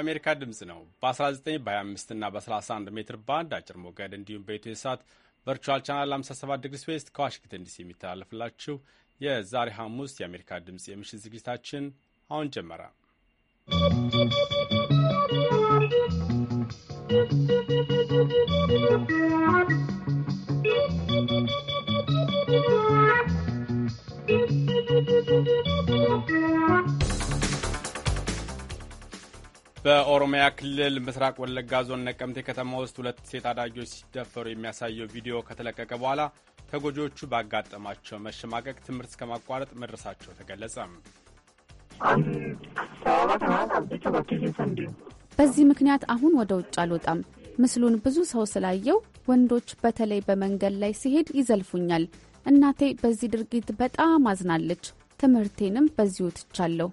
የአሜሪካ ድምፅ ነው። በ19 በ25 እና በ31 ሜትር ባንድ አጭር ሞገድ እንዲሁም በኢትዮ ሳት ቨርቹዋል ቻናል 57 ዲግሪ ስዌስት ከዋሽንግተን ዲሲ የሚተላለፍላችሁ የዛሬ ሐሙስ የአሜሪካ ድምፅ የምሽት ዝግጅታችን አሁን ጀመረ። ¶¶ በኦሮሚያ ክልል ምስራቅ ወለጋ ዞን ነቀምቴ ከተማ ውስጥ ሁለት ሴት አዳጊዎች ሲደፈሩ የሚያሳየው ቪዲዮ ከተለቀቀ በኋላ ተጎጂዎቹ ባጋጠማቸው መሸማቀቅ ትምህርት እስከ ማቋረጥ መድረሳቸው ተገለጸ። በዚህ ምክንያት አሁን ወደ ውጭ አልወጣም። ምስሉን ብዙ ሰው ስላየው ወንዶች በተለይ በመንገድ ላይ ሲሄድ ይዘልፉኛል። እናቴ በዚህ ድርጊት በጣም አዝናለች። ትምህርቴንም በዚሁ ትቻለሁ።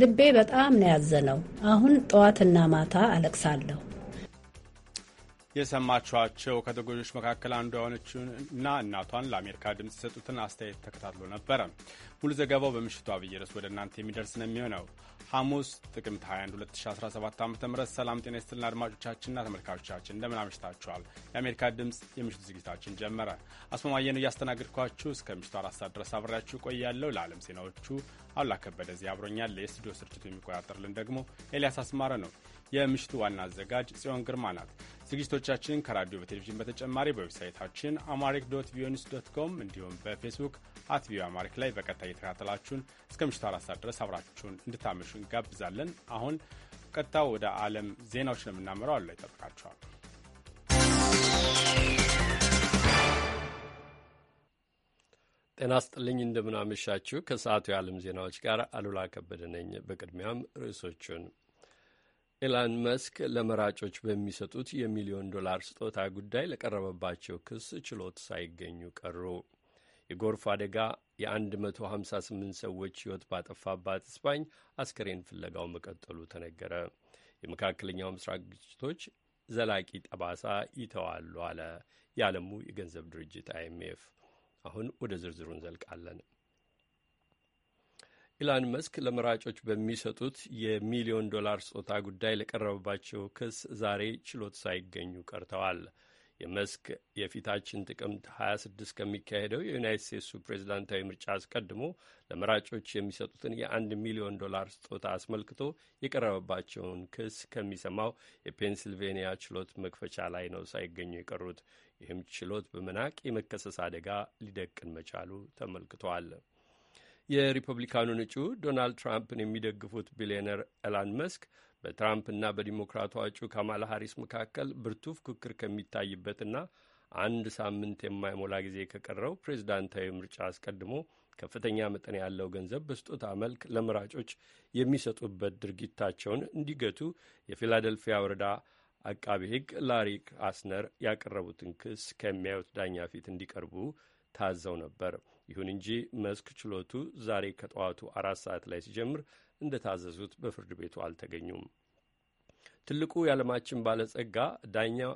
ልቤ በጣም ነው ያዘነው። አሁን ጠዋትና ማታ አለቅሳለሁ። የሰማችኋቸው ከተጎጆች መካከል አንዷ የሆነችውን እና እናቷን ለአሜሪካ ድምፅ የሰጡትን አስተያየት ተከታትሎ ነበረ። ሙሉ ዘገባው በምሽቱ አብይ ርዕስ ወደ እናንተ የሚደርስ ነው የሚሆነው። ሐሙስ ጥቅምት 21 2017 ዓ ም ሰላም ጤና ይስጥልና አድማጮቻችንና ተመልካቾቻችን እንደምን አምሽታችኋል። የአሜሪካ ድምፅ የምሽቱ ዝግጅታችን ጀመረ። አስማማየ ነው እያስተናገድኳችሁ እስከ ምሽቱ አራት ሰዓት ድረስ አብሬያችሁ ቆያለሁ። ለዓለም ዜናዎቹ አሉላ ከበደ እዚህ አብሮኛል። የስቱዲዮ ስርጭቱ የሚቆጣጠርልን ደግሞ ኤልያስ አስማረ ነው። የምሽቱ ዋና አዘጋጅ ጽዮን ግርማ ናት። ዝግጅቶቻችን ከራዲዮ በቴሌቪዥን በተጨማሪ በዌብሳይታችን አማሪክ ዶት ቪኦኤ ዶት ኮም እንዲሁም በፌስቡክ አት ቪኦኤ አማሪክ ላይ በቀጥታ እየተከታተላችሁን እስከ ምሽቱ አራት ሰዓት ድረስ አብራችሁን እንድታመሹ እንጋብዛለን። አሁን ቀጥታ ወደ ዓለም ዜናዎች ነው የምናመራው። አሉ ይጠብቃችኋል። ጤና ስጥልኝ እንደምናመሻችሁ። ከሰዓቱ የዓለም ዜናዎች ጋር አሉላ ከበደ ነኝ። በቅድሚያም ርዕሶቹን ኤላን መስክ ለመራጮች በሚሰጡት የሚሊዮን ዶላር ስጦታ ጉዳይ ለቀረበባቸው ክስ ችሎት ሳይገኙ ቀሩ። የጎርፍ አደጋ የ158 ሰዎች ሕይወት ባጠፋባት እስፓኝ አስከሬን ፍለጋው መቀጠሉ ተነገረ። የመካከለኛው ምስራቅ ግጭቶች ዘላቂ ጠባሳ ይተዋሉ አለ የዓለሙ የገንዘብ ድርጅት አይኤምኤፍ። አሁን ወደ ዝርዝሩ እንዘልቃለን። ኢላን መስክ ለመራጮች በሚሰጡት የሚሊዮን ዶላር ስጦታ ጉዳይ ለቀረበባቸው ክስ ዛሬ ችሎት ሳይገኙ ቀርተዋል። የመስክ የፊታችን ጥቅምት 26 ከሚካሄደው የዩናይት ስቴትሱ ፕሬዚዳንታዊ ምርጫ አስቀድሞ ለመራጮች የሚሰጡትን የአንድ ሚሊዮን ዶላር ስጦታ አስመልክቶ የቀረበባቸውን ክስ ከሚሰማው የፔንሲልቬኒያ ችሎት መክፈቻ ላይ ነው ሳይገኙ የቀሩት። ይህም ችሎት በመናቅ የመከሰስ አደጋ ሊደቅን መቻሉ ተመልክቷል። የሪፐብሊካኑን እጩ ዶናልድ ትራምፕን የሚደግፉት ቢሊዮነር ኤላን መስክ በትራምፕና በዲሞክራቷ እጩ ካማላ ሀሪስ መካከል ብርቱ ፉክክር ከሚታይበትና አንድ ሳምንት የማይሞላ ጊዜ ከቀረው ፕሬዝዳንታዊ ምርጫ አስቀድሞ ከፍተኛ መጠን ያለው ገንዘብ በስጦታ መልክ ለመራጮች የሚሰጡበት ድርጊታቸውን እንዲገቱ የፊላደልፊያ ወረዳ አቃቤ ሕግ ላሪክ አስነር ያቀረቡትን ክስ ከሚያዩት ዳኛ ፊት እንዲቀርቡ ታዘው ነበር። ይሁን እንጂ መስክ ችሎቱ ዛሬ ከጠዋቱ አራት ሰዓት ላይ ሲጀምር እንደታዘዙት በፍርድ ቤቱ አልተገኙም። ትልቁ የዓለማችን ባለጸጋ ዳኛው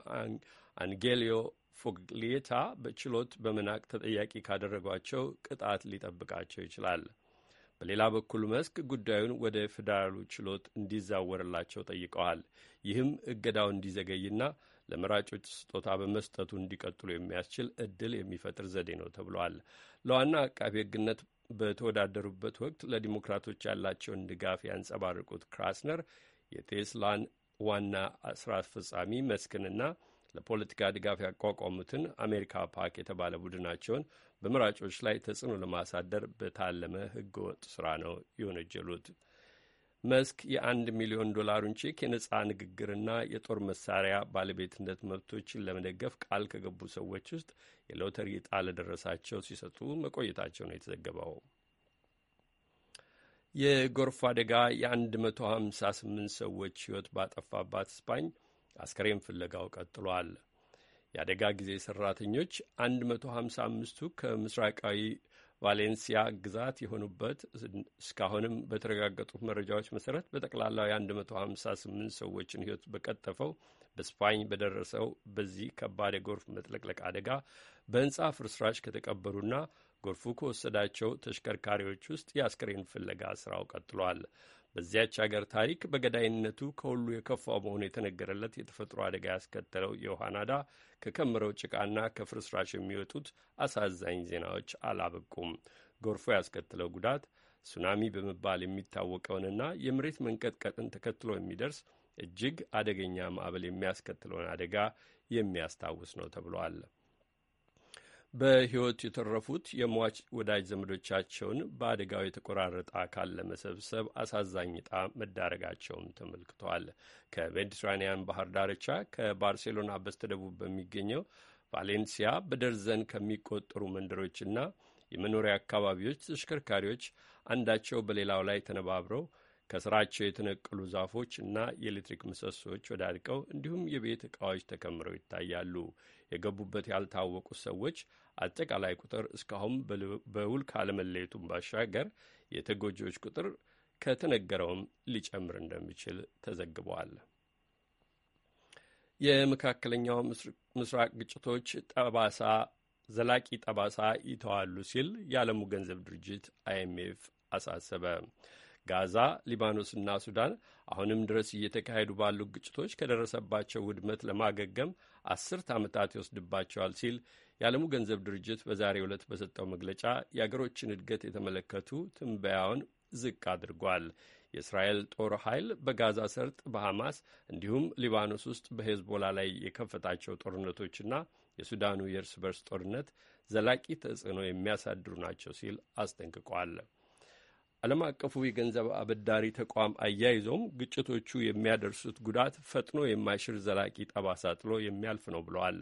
አንጌሊዮ ፎግሌታ በችሎት በመናቅ ተጠያቂ ካደረጓቸው ቅጣት ሊጠብቃቸው ይችላል። በሌላ በኩል መስክ ጉዳዩን ወደ ፌዴራሉ ችሎት እንዲዛወርላቸው ጠይቀዋል። ይህም እገዳው እንዲዘገይና ለመራጮች ስጦታ በመስጠቱ እንዲቀጥሉ የሚያስችል እድል የሚፈጥር ዘዴ ነው ተብሏል። ለዋና አቃቢ ሕግነት በተወዳደሩበት ወቅት ለዲሞክራቶች ያላቸውን ድጋፍ ያንጸባረቁት ክራስነር የቴስላን ዋና ስራ አስፈጻሚ መስክንና ለፖለቲካ ድጋፍ ያቋቋሙትን አሜሪካ ፓክ የተባለ ቡድናቸውን በመራጮች ላይ ተጽዕኖ ለማሳደር በታለመ ህገወጥ ስራ ነው የወነጀሉት። መስክ የአንድ ሚሊዮን ዶላሩን ቼክ የነጻ ንግግርና የጦር መሳሪያ ባለቤትነት መብቶችን ለመደገፍ ቃል ከገቡ ሰዎች ውስጥ የሎተሪ ዕጣ ለደረሳቸው ሲሰጡ መቆየታቸው ነው የተዘገበው። የጎርፍ አደጋ የ158 ሰዎች ሕይወት ባጠፋባት ስፓኝ አስከሬን ፍለጋው ቀጥሏል። የአደጋ ጊዜ ሰራተኞች 155ቱ ከምስራቃዊ ቫሌንሲያ ግዛት የሆኑበት እስካሁንም በተረጋገጡት መረጃዎች መሰረት በጠቅላላው የ158 ሰዎችን ህይወት በቀጠፈው በስፓኝ በደረሰው በዚህ ከባድ የጎርፍ መጥለቅለቅ አደጋ በህንፃ ፍርስራሽ ከተቀበሩና ጎርፉ ከወሰዳቸው ተሽከርካሪዎች ውስጥ የአስክሬን ፍለጋ ስራው ቀጥሏል። በዚያች አገር ታሪክ በገዳይነቱ ከሁሉ የከፋ መሆኑ የተነገረለት የተፈጥሮ አደጋ ያስከተለው የውሃናዳ ከከምረው ጭቃና ከፍርስራሽ የሚወጡት አሳዛኝ ዜናዎች አላበቁም። ጎርፎ ያስከተለው ጉዳት ሱናሚ በመባል የሚታወቀውንና የመሬት መንቀጥቀጥን ተከትሎ የሚደርስ እጅግ አደገኛ ማዕበል የሚያስከትለውን አደጋ የሚያስታውስ ነው ተብሏል። በሕይወት የተረፉት የሟች ወዳጅ ዘመዶቻቸውን በአደጋው የተቆራረጠ አካል ለመሰብሰብ አሳዛኝ ዕጣ መዳረጋቸውም ተመልክተዋል። ከሜዲትራኒያን ባህር ዳርቻ ከባርሴሎና በስተደቡብ በሚገኘው ቫሌንሲያ በደርዘን ከሚቆጠሩ መንደሮችና የመኖሪያ አካባቢዎች ተሽከርካሪዎች አንዳቸው በሌላው ላይ ተነባብረው ከስራቸው የተነቀሉ ዛፎች እና የኤሌክትሪክ ምሰሶዎች ወዳድቀው እንዲሁም የቤት ዕቃዎች ተከምረው ይታያሉ። የገቡበት ያልታወቁ ሰዎች አጠቃላይ ቁጥር እስካሁን በውል ካለመለየቱም ባሻገር የተጎጂዎች ቁጥር ከተነገረውም ሊጨምር እንደሚችል ተዘግበዋል። የመካከለኛው ምስራቅ ግጭቶች ጠባሳ ዘላቂ ጠባሳ ይተዋሉ ሲል የዓለሙ ገንዘብ ድርጅት አይኤምኤፍ አሳሰበ። ጋዛ፣ ሊባኖስና ሱዳን አሁንም ድረስ እየተካሄዱ ባሉ ግጭቶች ከደረሰባቸው ውድመት ለማገገም አስርት ዓመታት ይወስድባቸዋል ሲል የዓለሙ ገንዘብ ድርጅት በዛሬ ዕለት በሰጠው መግለጫ የአገሮችን እድገት የተመለከቱ ትንበያውን ዝቅ አድርጓል። የእስራኤል ጦር ኃይል በጋዛ ሰርጥ በሐማስ እንዲሁም ሊባኖስ ውስጥ በሄዝቦላ ላይ የከፈታቸው ጦርነቶችና የሱዳኑ የእርስ በርስ ጦርነት ዘላቂ ተጽዕኖ የሚያሳድሩ ናቸው ሲል አስጠንቅቋል። ዓለም አቀፉ የገንዘብ አበዳሪ ተቋም አያይዞም ግጭቶቹ የሚያደርሱት ጉዳት ፈጥኖ የማይሽር ዘላቂ ጠባሳ ጥሎ የሚያልፍ ነው ብለዋል።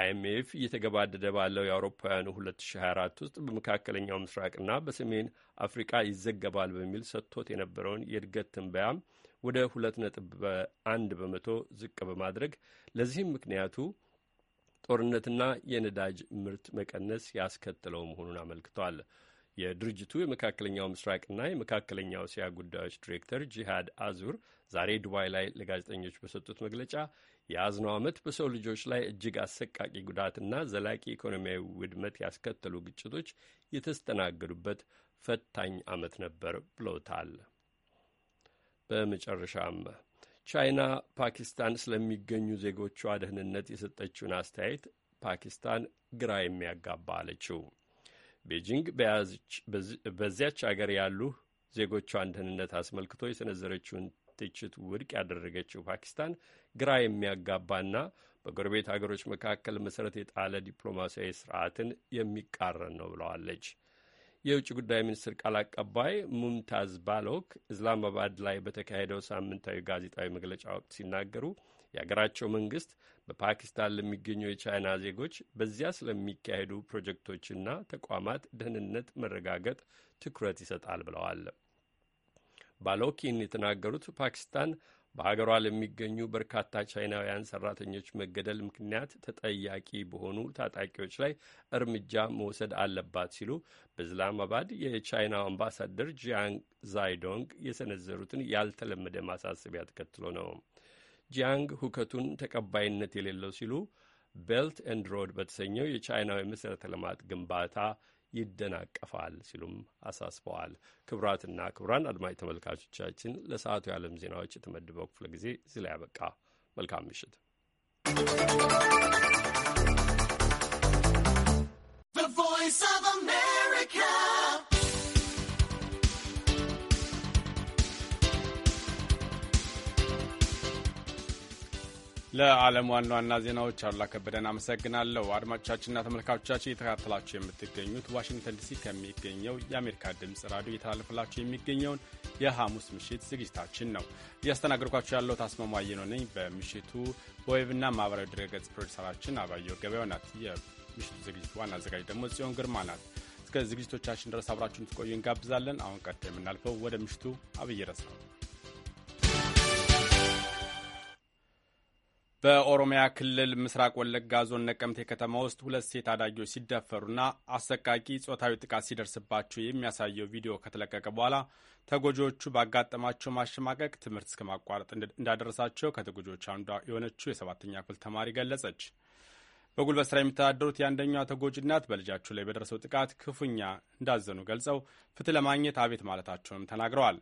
አይኤምኤፍ እየተገባደደ ባለው የአውሮፓውያኑ 2024 ውስጥ በመካከለኛው ምስራቅና በሰሜን አፍሪቃ ይዘገባል በሚል ሰጥቶት የነበረውን የእድገት ትንበያም ወደ 2.1 በመቶ ዝቅ በማድረግ ለዚህም ምክንያቱ ጦርነትና የነዳጅ ምርት መቀነስ ያስከትለው መሆኑን አመልክቷል። የድርጅቱ የመካከለኛው ምስራቅና የመካከለኛው እስያ ጉዳዮች ዲሬክተር ጂሃድ አዙር ዛሬ ዱባይ ላይ ለጋዜጠኞች በሰጡት መግለጫ የያዝነው ዓመት በሰው ልጆች ላይ እጅግ አሰቃቂ ጉዳትና ዘላቂ ኢኮኖሚያዊ ውድመት ያስከተሉ ግጭቶች የተስተናገዱበት ፈታኝ ዓመት ነበር ብለውታል። በመጨረሻም ቻይና ፓኪስታን ስለሚገኙ ዜጎቿ ደህንነት የሰጠችውን አስተያየት ፓኪስታን ግራ የሚያጋባ አለችው። ቤጂንግ በዚያች አገር ያሉ ዜጎቿን ደህንነት አስመልክቶ የሰነዘረችውን ትችት ውድቅ ያደረገችው ፓኪስታን ግራ የሚያጋባና በጎረቤት አገሮች መካከል መሠረት የጣለ ዲፕሎማሲያዊ ስርዓትን የሚቃረን ነው ብለዋለች። የውጭ ጉዳይ ሚኒስትር ቃል አቀባይ ሙምታዝ ባሎክ እስላማባድ ላይ በተካሄደው ሳምንታዊ ጋዜጣዊ መግለጫ ወቅት ሲናገሩ የአገራቸው መንግስት በፓኪስታን ለሚገኙ የቻይና ዜጎች በዚያ ስለሚካሄዱ ፕሮጀክቶችና ተቋማት ደህንነት መረጋገጥ ትኩረት ይሰጣል ብለዋል። ባሎኪን የተናገሩት ፓኪስታን በሀገሯ ለሚገኙ በርካታ ቻይናውያን ሰራተኞች መገደል ምክንያት ተጠያቂ በሆኑ ታጣቂዎች ላይ እርምጃ መውሰድ አለባት ሲሉ በእስላማባድ የቻይናው አምባሳደር ጂያንግ ዛይዶንግ የሰነዘሩትን ያልተለመደ ማሳሰቢያ ተከትሎ ነው። ጂያንግ ሁከቱን ተቀባይነት የሌለው ሲሉ ቤልት ኤንድ ሮድ በተሰኘው የቻይናዊ መሠረተ ልማት ግንባታ ይደናቀፋል ሲሉም አሳስበዋል። ክቡራትና ክቡራን አድማጭ ተመልካቾቻችን ለሰዓቱ የዓለም ዜናዎች የተመደበው ክፍለ ጊዜ እዚህ ላይ ያበቃ። መልካም ምሽት። ለዓለም ዋና ዋና ዜናዎች አሉላ ከበደን አመሰግናለሁ። አድማጮቻችንና ተመልካቾቻችን እየተከታተላችሁ የምትገኙት ዋሽንግተን ዲሲ ከሚገኘው የአሜሪካ ድምፅ ራዲዮ እየተላለፈላችሁ የሚገኘውን የሐሙስ ምሽት ዝግጅታችን ነው። እያስተናገድኳችሁ ያለው ታስማማየ ነው ነኝ። በምሽቱ በዌብና ማህበራዊ ድረገጽ ፕሮዲሰራችን አባየሁ ገበያው ናት። የምሽቱ ዝግጅት ዋና አዘጋጅ ደግሞ ጽዮን ግርማ ናት። እስከ ዝግጅቶቻችን ድረስ አብራችሁን ትቆዩ እንጋብዛለን። አሁን ቀጥታ የምናልፈው ወደ ምሽቱ አብይ ርዕስ ነው። በኦሮሚያ ክልል ምስራቅ ወለጋ ዞን ነቀምቴ ከተማ ውስጥ ሁለት ሴት አዳጊዎች ሲደፈሩና አሰቃቂ ጾታዊ ጥቃት ሲደርስባቸው የሚያሳየው ቪዲዮ ከተለቀቀ በኋላ ተጎጂዎቹ ባጋጠማቸው ማሸማቀቅ ትምህርት እስከ ማቋረጥ እንዳደረሳቸው ከተጎጂዎች አንዷ የሆነችው የሰባተኛ ክፍል ተማሪ ገለጸች። በጉልበት ስራ የሚተዳደሩት የአንደኛዋ ተጎጂ እናት በልጃቸው ላይ በደረሰው ጥቃት ክፉኛ እንዳዘኑ ገልጸው ፍትህ ለማግኘት አቤት ማለታቸውንም ተናግረዋል።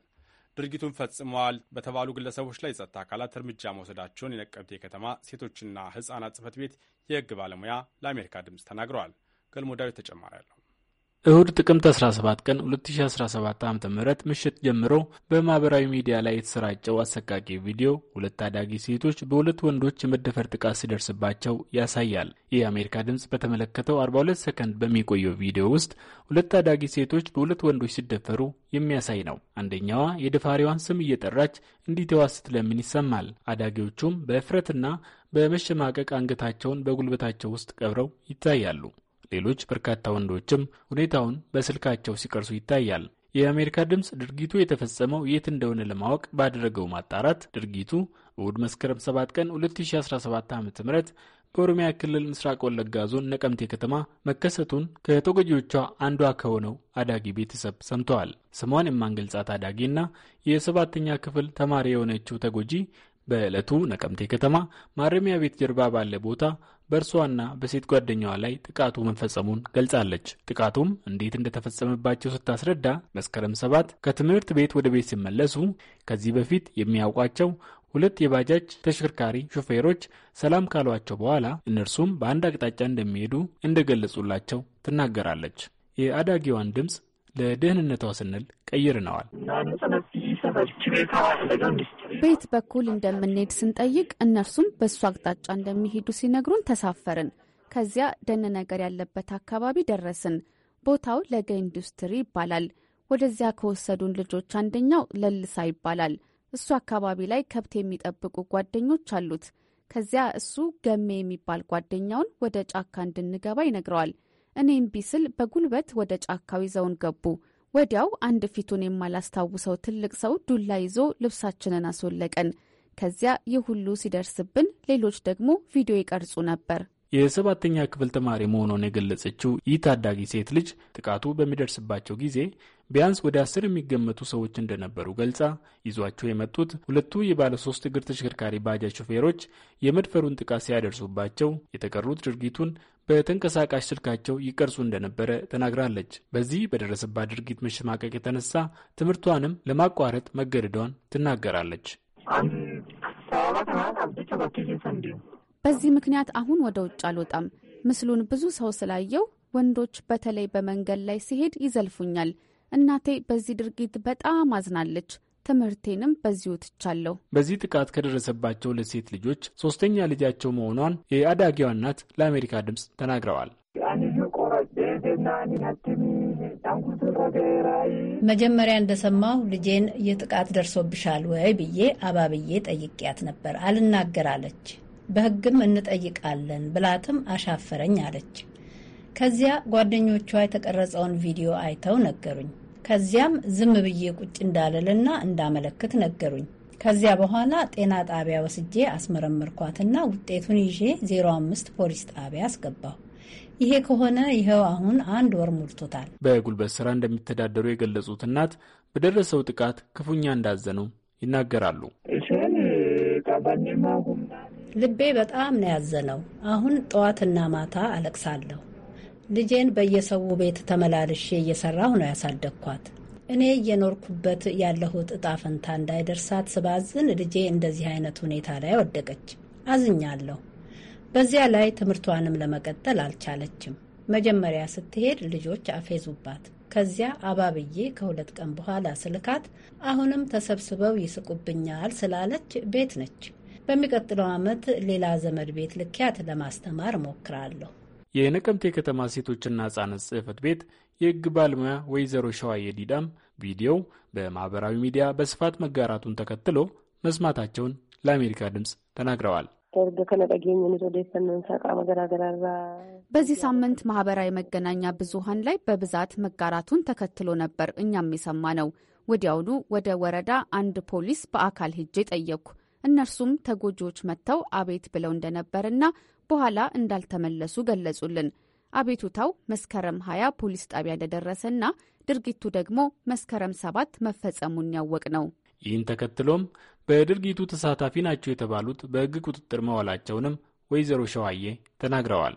ድርጊቱን ፈጽመዋል በተባሉ ግለሰቦች ላይ ጸጥታ አካላት እርምጃ መውሰዳቸውን የነቀምቴ ከተማ ሴቶችና ሕጻናት ጽፈት ቤት የህግ ባለሙያ ለአሜሪካ ድምፅ ተናግረዋል። ገልሞ ዳዊት ተጨማሪ ያለው እሁድ ጥቅምት 17 ቀን 2017 ዓ ም ምሽት ጀምሮ በማህበራዊ ሚዲያ ላይ የተሰራጨው አሰቃቂ ቪዲዮ ሁለት ታዳጊ ሴቶች በሁለት ወንዶች የመደፈር ጥቃት ሲደርስባቸው ያሳያል። የአሜሪካ ድምፅ በተመለከተው 42 ሰከንድ በሚቆየው ቪዲዮ ውስጥ ሁለት ታዳጊ ሴቶች በሁለት ወንዶች ሲደፈሩ የሚያሳይ ነው። አንደኛዋ የደፋሪዋን ስም እየጠራች እንዲተዋ ስትለምን ይሰማል። አዳጊዎቹም በእፍረትና በመሸማቀቅ አንገታቸውን በጉልበታቸው ውስጥ ቀብረው ይታያሉ። ሌሎች በርካታ ወንዶችም ሁኔታውን በስልካቸው ሲቀርሱ ይታያል። የአሜሪካ ድምፅ ድርጊቱ የተፈጸመው የት እንደሆነ ለማወቅ ባደረገው ማጣራት ድርጊቱ እሁድ መስከረም 7 ቀን 2017 ዓ ም በኦሮሚያ ክልል ምስራቅ ወለጋ ዞን ነቀምቴ ከተማ መከሰቱን ከተጎጂዎቿ አንዷ ከሆነው አዳጊ ቤተሰብ ሰምተዋል። ስሟን የማንገልጻት አዳጊና የሰባተኛ ክፍል ተማሪ የሆነችው ተጎጂ በዕለቱ ነቀምቴ ከተማ ማረሚያ ቤት ጀርባ ባለ ቦታ በእርሷና በሴት ጓደኛዋ ላይ ጥቃቱ መፈጸሙን ገልጻለች። ጥቃቱም እንዴት እንደተፈጸመባቸው ስታስረዳ መስከረም ሰባት ከትምህርት ቤት ወደ ቤት ሲመለሱ ከዚህ በፊት የሚያውቋቸው ሁለት የባጃጅ ተሽከርካሪ ሾፌሮች ሰላም ካሏቸው በኋላ እነርሱም በአንድ አቅጣጫ እንደሚሄዱ እንደገለጹላቸው ትናገራለች። የአዳጊዋን ድምፅ ለደህንነቷ ስንል ቀይርነዋል። ቤት በኩል እንደምንሄድ ስንጠይቅ እነርሱም በእሱ አቅጣጫ እንደሚሄዱ ሲነግሩን ተሳፈርን። ከዚያ ደን ነገር ያለበት አካባቢ ደረስን። ቦታው ለገ ኢንዱስትሪ ይባላል። ወደዚያ ከወሰዱን ልጆች አንደኛው ለልሳ ይባላል። እሱ አካባቢ ላይ ከብት የሚጠብቁ ጓደኞች አሉት። ከዚያ እሱ ገሜ የሚባል ጓደኛውን ወደ ጫካ እንድንገባ ይነግረዋል። እኔም ቢስል በጉልበት ወደ ጫካው ይዘውን ገቡ። ወዲያው አንድ ፊቱን የማላስታውሰው ትልቅ ሰው ዱላ ይዞ ልብሳችንን አስወለቀን። ከዚያ ይህ ሁሉ ሲደርስብን ሌሎች ደግሞ ቪዲዮ ይቀርጹ ነበር። የሰባተኛ ክፍል ተማሪ መሆኗን የገለጸችው ይህ ታዳጊ ሴት ልጅ ጥቃቱ በሚደርስባቸው ጊዜ ቢያንስ ወደ አስር የሚገመቱ ሰዎች እንደነበሩ ገልጻ ይዟቸው የመጡት ሁለቱ የባለሶስት እግር ተሽከርካሪ ባጃጅ ሾፌሮች የመድፈሩን ጥቃት ሲያደርሱባቸው የተቀሩት ድርጊቱን በተንቀሳቃሽ ስልካቸው ይቀርጹ እንደነበረ ተናግራለች። በዚህ በደረሰባት ድርጊት መሸማቀቅ የተነሳ ትምህርቷንም ለማቋረጥ መገደዷን ትናገራለች። በዚህ ምክንያት አሁን ወደ ውጭ አልወጣም። ምስሉን ብዙ ሰው ስላየው ወንዶች በተለይ በመንገድ ላይ ሲሄድ ይዘልፉኛል። እናቴ በዚህ ድርጊት በጣም አዝናለች። ትምህርቴንም በዚሁ ትቻለሁ። በዚህ ጥቃት ከደረሰባቸው ሁለት ሴት ልጆች ሶስተኛ ልጃቸው መሆኗን የአዳጊዋ እናት ለአሜሪካ ድምፅ ተናግረዋል። መጀመሪያ እንደሰማሁ ልጄን የጥቃት ደርሶብሻል ወይ ብዬ አባብዬ ጠይቄያት ነበር። አልናገር አለች። በሕግም እንጠይቃለን ብላትም አሻፈረኝ አለች። ከዚያ ጓደኞቿ የተቀረጸውን ቪዲዮ አይተው ነገሩኝ። ከዚያም ዝም ብዬ ቁጭ እንዳልልና እንዳመለክት ነገሩኝ። ከዚያ በኋላ ጤና ጣቢያ ወስጄ አስመረመርኳትና ውጤቱን ይዤ 05 ፖሊስ ጣቢያ አስገባሁ። ይሄ ከሆነ ይኸው አሁን አንድ ወር ሞልቶታል። በጉልበት ስራ እንደሚተዳደሩ የገለጹት እናት በደረሰው ጥቃት ክፉኛ እንዳዘኑ ይናገራሉ። ልቤ በጣም ነው ያዘነው። አሁን ጠዋትና ማታ አለቅሳለሁ። ልጄን በየሰው ቤት ተመላልሼ እየሰራሁ ነው ያሳደግኳት። እኔ እየኖርኩበት ያለሁት እጣ ፈንታ እንዳይደርሳት ስባዝን ልጄ እንደዚህ አይነት ሁኔታ ላይ ወደቀች። አዝኛለሁ። በዚያ ላይ ትምህርቷንም ለመቀጠል አልቻለችም። መጀመሪያ ስትሄድ ልጆች አፌዙባት። ከዚያ አባብዬ ከሁለት ቀን በኋላ ስልካት አሁንም ተሰብስበው ይስቁብኛል ስላለች ቤት ነች። በሚቀጥለው ዓመት ሌላ ዘመድ ቤት ልኪያት ለማስተማር ሞክራለሁ። የነቀምቴ ከተማ ሴቶችና ሕጻናት ጽህፈት ቤት የህግ ባለሙያ ወይዘሮ ሸዋዬ ዲዳም ቪዲዮው በማህበራዊ ሚዲያ በስፋት መጋራቱን ተከትሎ መስማታቸውን ለአሜሪካ ድምፅ ተናግረዋል። በዚህ ሳምንት ማህበራዊ መገናኛ ብዙሀን ላይ በብዛት መጋራቱን ተከትሎ ነበር እኛም የሰማ ነው። ወዲያውኑ ወደ ወረዳ አንድ ፖሊስ በአካል ሄጄ ጠየቅኩ። እነርሱም ተጎጂዎች መጥተው አቤት ብለው እንደነበርና በኋላ እንዳልተመለሱ ገለጹልን። አቤቱታው መስከረም 20 ፖሊስ ጣቢያ እንደደረሰና ድርጊቱ ደግሞ መስከረም ሰባት መፈጸሙን ያወቅ ነው። ይህን ተከትሎም በድርጊቱ ተሳታፊ ናቸው የተባሉት በሕግ ቁጥጥር መዋላቸውንም ወይዘሮ ሸዋዬ ተናግረዋል።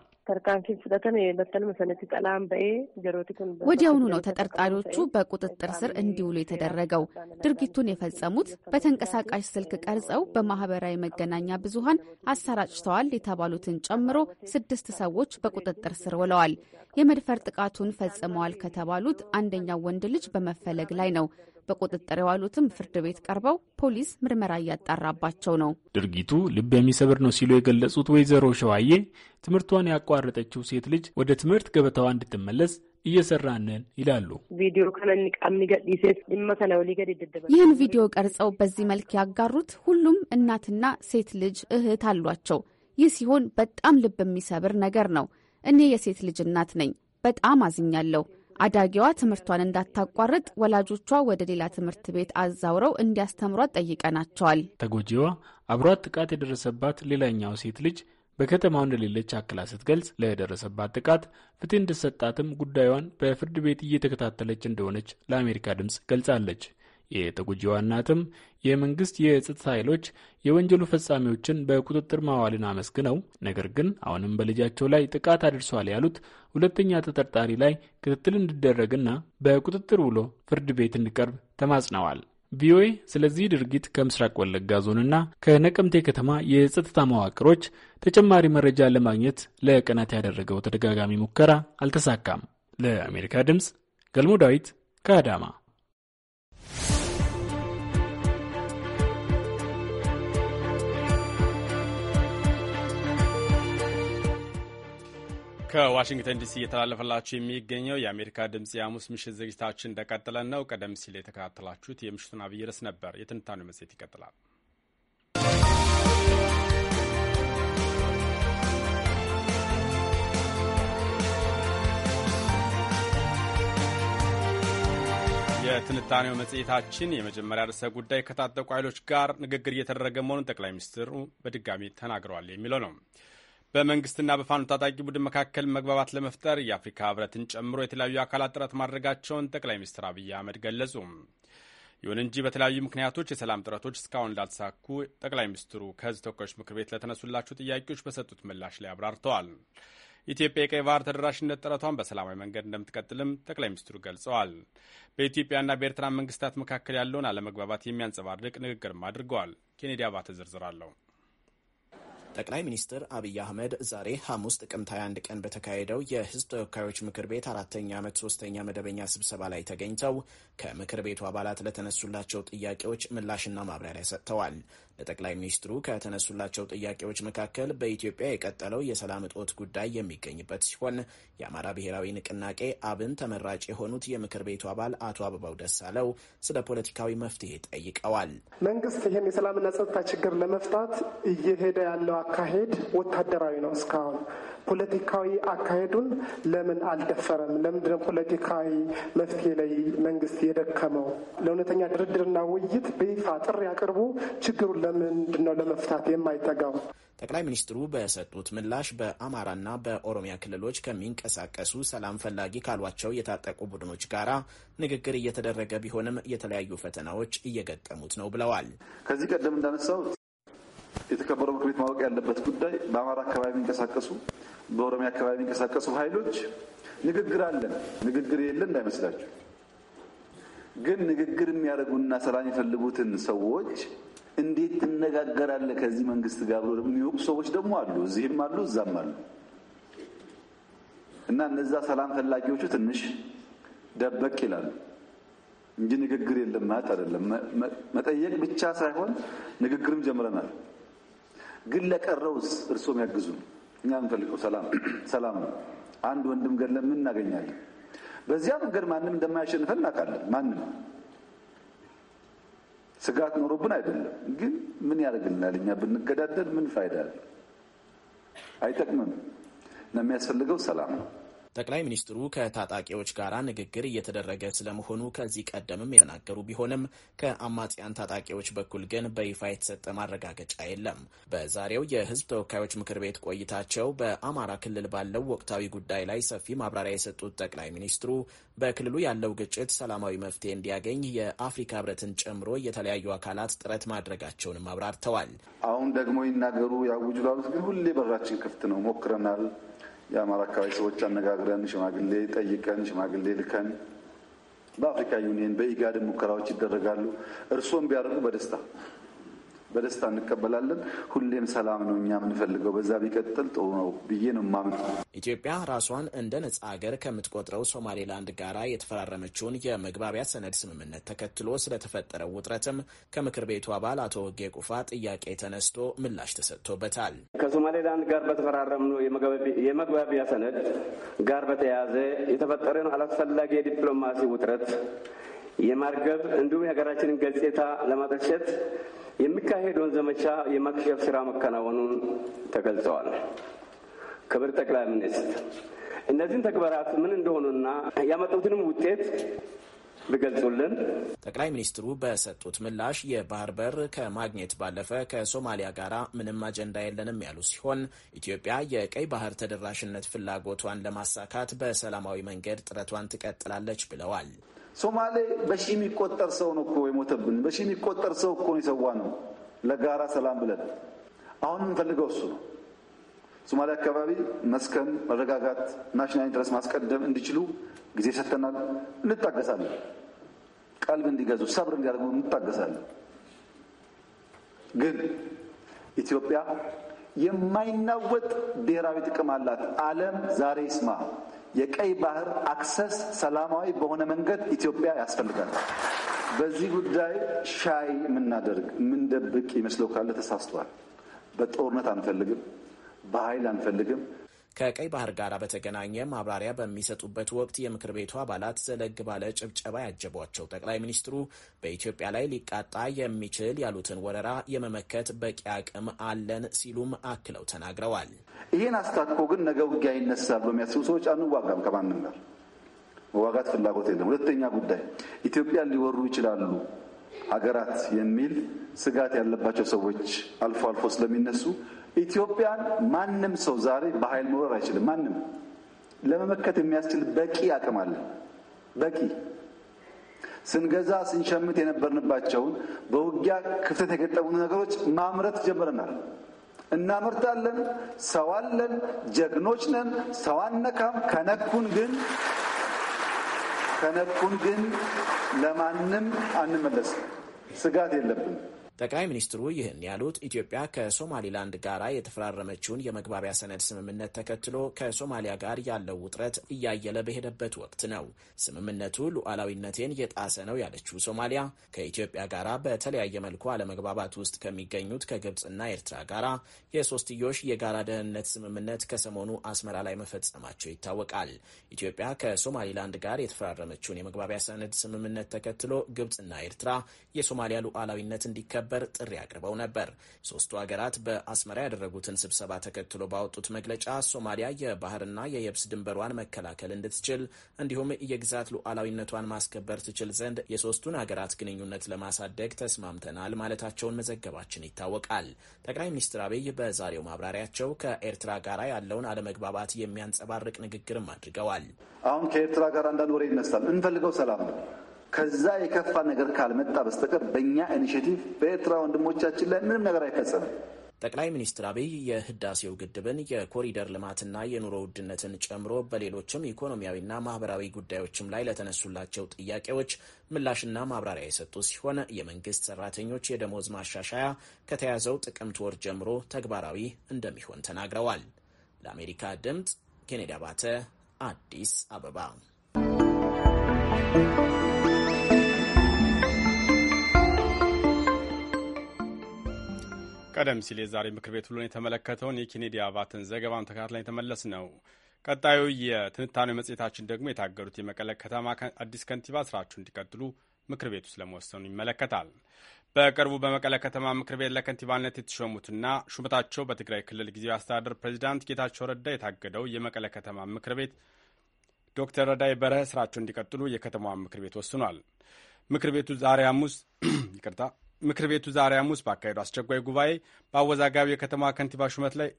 ወዲያውኑ ነው ተጠርጣሪዎቹ በቁጥጥር ስር እንዲውሉ የተደረገው። ድርጊቱን የፈጸሙት በተንቀሳቃሽ ስልክ ቀርጸው በማህበራዊ መገናኛ ብዙሀን አሰራጭተዋል የተባሉትን ጨምሮ ስድስት ሰዎች በቁጥጥር ስር ውለዋል። የመድፈር ጥቃቱን ፈጽመዋል ከተባሉት አንደኛው ወንድ ልጅ በመፈለግ ላይ ነው። በቁጥጥር የዋሉትም ፍርድ ቤት ቀርበው ፖሊስ ምርመራ እያጣራባቸው ነው። ድርጊቱ ልብ የሚሰብር ነው ሲሉ የገለጹት ወይዘሮ ሸዋዬ ትምህርቷን ያቋረጠችው ሴት ልጅ ወደ ትምህርት ገበታዋ እንድትመለስ እየሰራንን ይላሉ። ይህን ቪዲዮ ቀርጸው በዚህ መልክ ያጋሩት ሁሉም እናትና ሴት ልጅ እህት አሏቸው። ይህ ሲሆን በጣም ልብ የሚሰብር ነገር ነው። እኔ የሴት ልጅ እናት ነኝ። በጣም አዝኛለሁ። አዳጊዋ ትምህርቷን እንዳታቋርጥ ወላጆቿ ወደ ሌላ ትምህርት ቤት አዛውረው እንዲያስተምሯት ጠይቀናቸዋል። ተጎጂዋ አብሯት ጥቃት የደረሰባት ሌላኛው ሴት ልጅ በከተማው እንደሌለች አክላ ስትገልጽ ለደረሰባት ጥቃት ፍትህ እንድሰጣትም ጉዳዩን በፍርድ ቤት እየተከታተለች እንደሆነች ለአሜሪካ ድምፅ ገልጻለች። የተጎጂዋ እናትም የመንግስት የጸጥታ ኃይሎች የወንጀሉ ፈጻሚዎችን በቁጥጥር ማዋልን አመስግነው ነገር ግን አሁንም በልጃቸው ላይ ጥቃት አድርሷል ያሉት ሁለተኛ ተጠርጣሪ ላይ ክትትል እንዲደረግና በቁጥጥር ውሎ ፍርድ ቤት እንዲቀርብ ተማጽነዋል። ቪኦኤ ስለዚህ ድርጊት ከምስራቅ ወለጋ ዞንና ከነቀምቴ ከተማ የጸጥታ መዋቅሮች ተጨማሪ መረጃ ለማግኘት ለቀናት ያደረገው ተደጋጋሚ ሙከራ አልተሳካም። ለአሜሪካ ድምፅ ገልሞ ዳዊት ከአዳማ ከዋሽንግተን ዲሲ እየተላለፈላችሁ የሚገኘው የአሜሪካ ድምፅ የሐሙስ ምሽት ዝግጅታችን እንደቀጠለን ነው። ቀደም ሲል የተከታተላችሁት የምሽቱን አብይ ርዕስ ነበር። የትንታኔው መጽሔት ይቀጥላል። የትንታኔው መጽሔታችን የመጀመሪያ ርዕሰ ጉዳይ ከታጠቁ ኃይሎች ጋር ንግግር እየተደረገ መሆኑን ጠቅላይ ሚኒስትሩ በድጋሚ ተናግረዋል የሚለው ነው። በመንግስትና በፋኖ ታጣቂ ቡድን መካከል መግባባት ለመፍጠር የአፍሪካ ህብረትን ጨምሮ የተለያዩ አካላት ጥረት ማድረጋቸውን ጠቅላይ ሚኒስትር አብይ አህመድ ገለጹ። ይሁን እንጂ በተለያዩ ምክንያቶች የሰላም ጥረቶች እስካሁን እንዳልተሳኩ ጠቅላይ ሚኒስትሩ ከህዝብ ተወካዮች ምክር ቤት ለተነሱላቸው ጥያቄዎች በሰጡት ምላሽ ላይ አብራርተዋል። ኢትዮጵያ የቀይ ባህር ተደራሽነት ጥረቷን በሰላማዊ መንገድ እንደምትቀጥልም ጠቅላይ ሚኒስትሩ ገልጸዋል። በኢትዮጵያና በኤርትራ መንግስታት መካከል ያለውን አለመግባባት የሚያንጸባርቅ ንግግርም አድርገዋል። ኬኔዲ አባተ ዝርዝር አለው። ጠቅላይ ሚኒስትር አብይ አህመድ ዛሬ ሐሙስ ጥቅምት 21 ቀን በተካሄደው የህዝብ ተወካዮች ምክር ቤት አራተኛ ዓመት ሶስተኛ መደበኛ ስብሰባ ላይ ተገኝተው ከምክር ቤቱ አባላት ለተነሱላቸው ጥያቄዎች ምላሽና ማብራሪያ ሰጥተዋል። ለጠቅላይ ሚኒስትሩ ከተነሱላቸው ጥያቄዎች መካከል በኢትዮጵያ የቀጠለው የሰላም እጦት ጉዳይ የሚገኝበት ሲሆን የአማራ ብሔራዊ ንቅናቄ አብን ተመራጭ የሆኑት የምክር ቤቱ አባል አቶ አበባው ደሳለው ስለ ፖለቲካዊ መፍትሄ ጠይቀዋል። መንግስት ይህን የሰላምና ጸጥታ ችግር ለመፍታት እየሄደ ያለው አካሄድ ወታደራዊ ነው። እስካሁን ፖለቲካዊ አካሄዱን ለምን አልደፈረም? ለምንድነው ፖለቲካዊ መፍትሄ ላይ መንግስት የደከመው? ለእውነተኛ ድርድርና ውይይት በይፋ ጥሪ አቅርቦ ችግሩን ለምንድን ነው ለመፍታት የማይጠጋው? ጠቅላይ ሚኒስትሩ በሰጡት ምላሽ በአማራና በኦሮሚያ ክልሎች ከሚንቀሳቀሱ ሰላም ፈላጊ ካሏቸው የታጠቁ ቡድኖች ጋር ንግግር እየተደረገ ቢሆንም የተለያዩ ፈተናዎች እየገጠሙት ነው ብለዋል። ከዚህ ቀደም እንዳነሳው የተከበረው ምክር ቤት ማወቅ ያለበት ጉዳይ በአማራ አካባቢ የሚንቀሳቀሱ በኦሮሚያ አካባቢ የሚንቀሳቀሱ ኃይሎች ንግግር አለን ንግግር የለን እንዳይመስላችሁ። ግን ንግግር የሚያደርጉና ሰላም የፈልጉትን ሰዎች እንዴት ትነጋገራለ ከዚህ መንግስት ጋር ብሎ የሚወቁ ሰዎች ደግሞ አሉ፣ እዚህም አሉ፣ እዛም አሉ። እና እነዛ ሰላም ፈላጊዎቹ ትንሽ ደበቅ ይላሉ እንጂ ንግግር የለም ማለት አይደለም። መጠየቅ ብቻ ሳይሆን ንግግርም ጀምረናል። ግን ለቀረውስ እርሶም ያግዙ። እኛ የምንፈልገው ሰላም ሰላም ነው። አንድ ወንድም ገለ ምን እናገኛለን? በዚያ መንገድ ማንም እንደማያሸንፈን እናውቃለን። ማንም ስጋት ኖሮብን አይደለም። ግን ምን ያደርግልናል? እኛ ብንገዳደል ምን ፋይዳ አለ? አይጠቅምም። እና የሚያስፈልገው ሰላም ነው። ጠቅላይ ሚኒስትሩ ከታጣቂዎች ጋር ንግግር እየተደረገ ስለመሆኑ ከዚህ ቀደምም የተናገሩ ቢሆንም ከአማጽያን ታጣቂዎች በኩል ግን በይፋ የተሰጠ ማረጋገጫ የለም። በዛሬው የህዝብ ተወካዮች ምክር ቤት ቆይታቸው በአማራ ክልል ባለው ወቅታዊ ጉዳይ ላይ ሰፊ ማብራሪያ የሰጡት ጠቅላይ ሚኒስትሩ በክልሉ ያለው ግጭት ሰላማዊ መፍትሄ እንዲያገኝ የአፍሪካ ህብረትን ጨምሮ የተለያዩ አካላት ጥረት ማድረጋቸውንም አብራርተዋል። አሁን ደግሞ ይናገሩ ያውጁ ላሉት ግን ሁሌ በራችን ክፍት ነው፣ ሞክረናል የአማራ አካባቢ ሰዎች አነጋግረን ሽማግሌ ጠይቀን ሽማግሌ ልከን በአፍሪካ ዩኒየን በኢጋድ ሙከራዎች ይደረጋሉ። እርስዎም ቢያደርጉ በደስታ በደስታ እንቀበላለን። ሁሌም ሰላም ነው እኛ የምንፈልገው። በዛ ቢቀጥል ጥሩ ነው ብዬ ነው የማምነው። ኢትዮጵያ ራሷን እንደ ነጻ ሀገር ከምትቆጥረው ሶማሌላንድ ጋራ የተፈራረመችውን የመግባቢያ ሰነድ ስምምነት ተከትሎ ስለተፈጠረው ውጥረትም ከምክር ቤቱ አባል አቶ ወጌ ቁፋ ጥያቄ ተነስቶ ምላሽ ተሰጥቶበታል። ከሶማሌላንድ ጋር በተፈራረምነው የመግባቢያ ሰነድ ጋር በተያያዘ የተፈጠረን አላስፈላጊ የዲፕሎማሲ ውጥረት የማርገብ እንዲሁም የሀገራችንን ገጽታ ለማጠልሸት የሚካሄደውን ዘመቻ የማክሸፍ ስራ መከናወኑን ተገልጸዋል። ክብር ጠቅላይ ሚኒስትር እነዚህን ተግባራት ምን እንደሆኑና ያመጡትንም ውጤት ብገልጹልን? ጠቅላይ ሚኒስትሩ በሰጡት ምላሽ የባህር በር ከማግኘት ባለፈ ከሶማሊያ ጋር ምንም አጀንዳ የለንም ያሉ ሲሆን ኢትዮጵያ የቀይ ባህር ተደራሽነት ፍላጎቷን ለማሳካት በሰላማዊ መንገድ ጥረቷን ትቀጥላለች ብለዋል። ሶማሌ በሺ የሚቆጠር ሰው ነው እኮ የሞተብን። በሺ የሚቆጠር ሰው እኮ ነው የሰዋ ነው ለጋራ ሰላም ብለን አሁን የምንፈልገው እሱ ነው። ሶማሌ አካባቢ መስከን፣ መረጋጋት፣ ናሽናል ኢንትረስት ማስቀደም እንዲችሉ ጊዜ ሰጥተናል። እንታገሳለን። ቀልብ እንዲገዙ ሰብር እንዲያደርጉ እንታገሳለን። ግን ኢትዮጵያ የማይናወጥ ብሔራዊ ጥቅም አላት። ዓለም ዛሬ ይስማ። የቀይ ባህር አክሰስ ሰላማዊ በሆነ መንገድ ኢትዮጵያ ያስፈልጋል። በዚህ ጉዳይ ሻይ የምናደርግ የምንደብቅ ይመስለው ካለ ተሳስተዋል። በጦርነት አንፈልግም፣ በኃይል አንፈልግም፣ ከቀይ ባህር ጋር በተገናኘ ማብራሪያ በሚሰጡበት ወቅት የምክር ቤቱ አባላት ዘለግ ባለ ጭብጨባ ያጀቧቸው ጠቅላይ ሚኒስትሩ በኢትዮጵያ ላይ ሊቃጣ የሚችል ያሉትን ወረራ የመመከት በቂ አቅም አለን ሲሉም አክለው ተናግረዋል። ይህን አስታኮ ግን ነገ ውጊያ ይነሳል በሚያስቡ ሰዎች አንዋጋም። ከማንም ጋር መዋጋት ፍላጎት የለም። ሁለተኛ ጉዳይ ኢትዮጵያ ሊወሩ ይችላሉ ሀገራት የሚል ስጋት ያለባቸው ሰዎች አልፎ አልፎ ስለሚነሱ ኢትዮጵያን ማንም ሰው ዛሬ በኃይል መውረር አይችልም። ማንም ለመመከት የሚያስችል በቂ አቅም አለ። በቂ ስንገዛ ስንሸምት የነበርንባቸውን በውጊያ ክፍተት የገጠሙን ነገሮች ማምረት ጀምረናል። እናመርታለን። ሰው አለን። ጀግኖች ነን። ሰው አነካም። ከነኩን ግን ከነኩን ግን ለማንም አንመለስም። ስጋት የለብንም። ጠቅላይ ሚኒስትሩ ይህን ያሉት ኢትዮጵያ ከሶማሊላንድ ጋር የተፈራረመችውን የመግባቢያ ሰነድ ስምምነት ተከትሎ ከሶማሊያ ጋር ያለው ውጥረት እያየለ በሄደበት ወቅት ነው። ስምምነቱ ሉዓላዊነቴን የጣሰ ነው ያለችው ሶማሊያ ከኢትዮጵያ ጋር በተለያየ መልኩ አለመግባባት ውስጥ ከሚገኙት ከግብፅና ኤርትራ ጋር የሶስትዮሽ የጋራ ደህንነት ስምምነት ከሰሞኑ አስመራ ላይ መፈጸማቸው ይታወቃል። ኢትዮጵያ ከሶማሊላንድ ጋር የተፈራረመችውን የመግባቢያ ሰነድ ስምምነት ተከትሎ ግብፅና ኤርትራ የሶማሊያ ሉዓላዊነት እንዲከ እንዲከበር ጥሪ አቅርበው ነበር። ሶስቱ ሀገራት በአስመራ ያደረጉትን ስብሰባ ተከትሎ ባወጡት መግለጫ ሶማሊያ የባህርና የየብስ ድንበሯን መከላከል እንድትችል እንዲሁም የግዛት ሉዓላዊነቷን ማስከበር ትችል ዘንድ የሶስቱን ሀገራት ግንኙነት ለማሳደግ ተስማምተናል ማለታቸውን መዘገባችን ይታወቃል። ጠቅላይ ሚኒስትር አብይ በዛሬው ማብራሪያቸው ከኤርትራ ጋር ያለውን አለመግባባት የሚያንጸባርቅ ንግግርም አድርገዋል። አሁን ከኤርትራ ጋር አንዳንድ ወሬ ይነሳል። እንፈልገው ሰላም ነው ከዛ የከፋ ነገር ካልመጣ በስተቀር በእኛ ኢኒሽቲቭ በኤርትራ ወንድሞቻችን ላይ ምንም ነገር አይፈጸምም። ጠቅላይ ሚኒስትር አብይ የህዳሴው ግድብን የኮሪደር ልማትና የኑሮ ውድነትን ጨምሮ በሌሎችም ኢኮኖሚያዊና ማህበራዊ ጉዳዮችም ላይ ለተነሱላቸው ጥያቄዎች ምላሽና ማብራሪያ የሰጡ ሲሆን የመንግስት ሰራተኞች የደሞዝ ማሻሻያ ከተያዘው ጥቅምት ወር ጀምሮ ተግባራዊ እንደሚሆን ተናግረዋል። ለአሜሪካ ድምፅ ኬኔዲ አባተ አዲስ አበባ ቀደም ሲል የዛሬ ምክር ቤት ውሎን የተመለከተውን የኬኔዲ አባትን ዘገባን ተከታትለን የተመለስ ነው። ቀጣዩ የትንታኔ መጽሔታችን ደግሞ የታገዱት የመቀለ ከተማ አዲስ ከንቲባ ስራቸውን እንዲቀጥሉ ምክር ቤቱ ስለመወሰኑ ይመለከታል። በቅርቡ በመቀለ ከተማ ምክር ቤት ለከንቲባነት የተሾሙትና ሹመታቸው በትግራይ ክልል ጊዜያዊ አስተዳደር ፕሬዚዳንት ጌታቸው ረዳ የታገደው የመቀለ ከተማ ምክር ቤት ዶክተር ረዳይ በረህ ስራቸው እንዲቀጥሉ የከተማዋ ምክር ቤት ወስኗል። ምክር ቤቱ ዛሬ ሐሙስ ይቅርታ ምክር ቤቱ ዛሬ ሐሙስ ባካሄዱ አስቸኳይ ጉባኤ በአወዛጋቢ የከተማ ከንቲባ ሹመት ላይ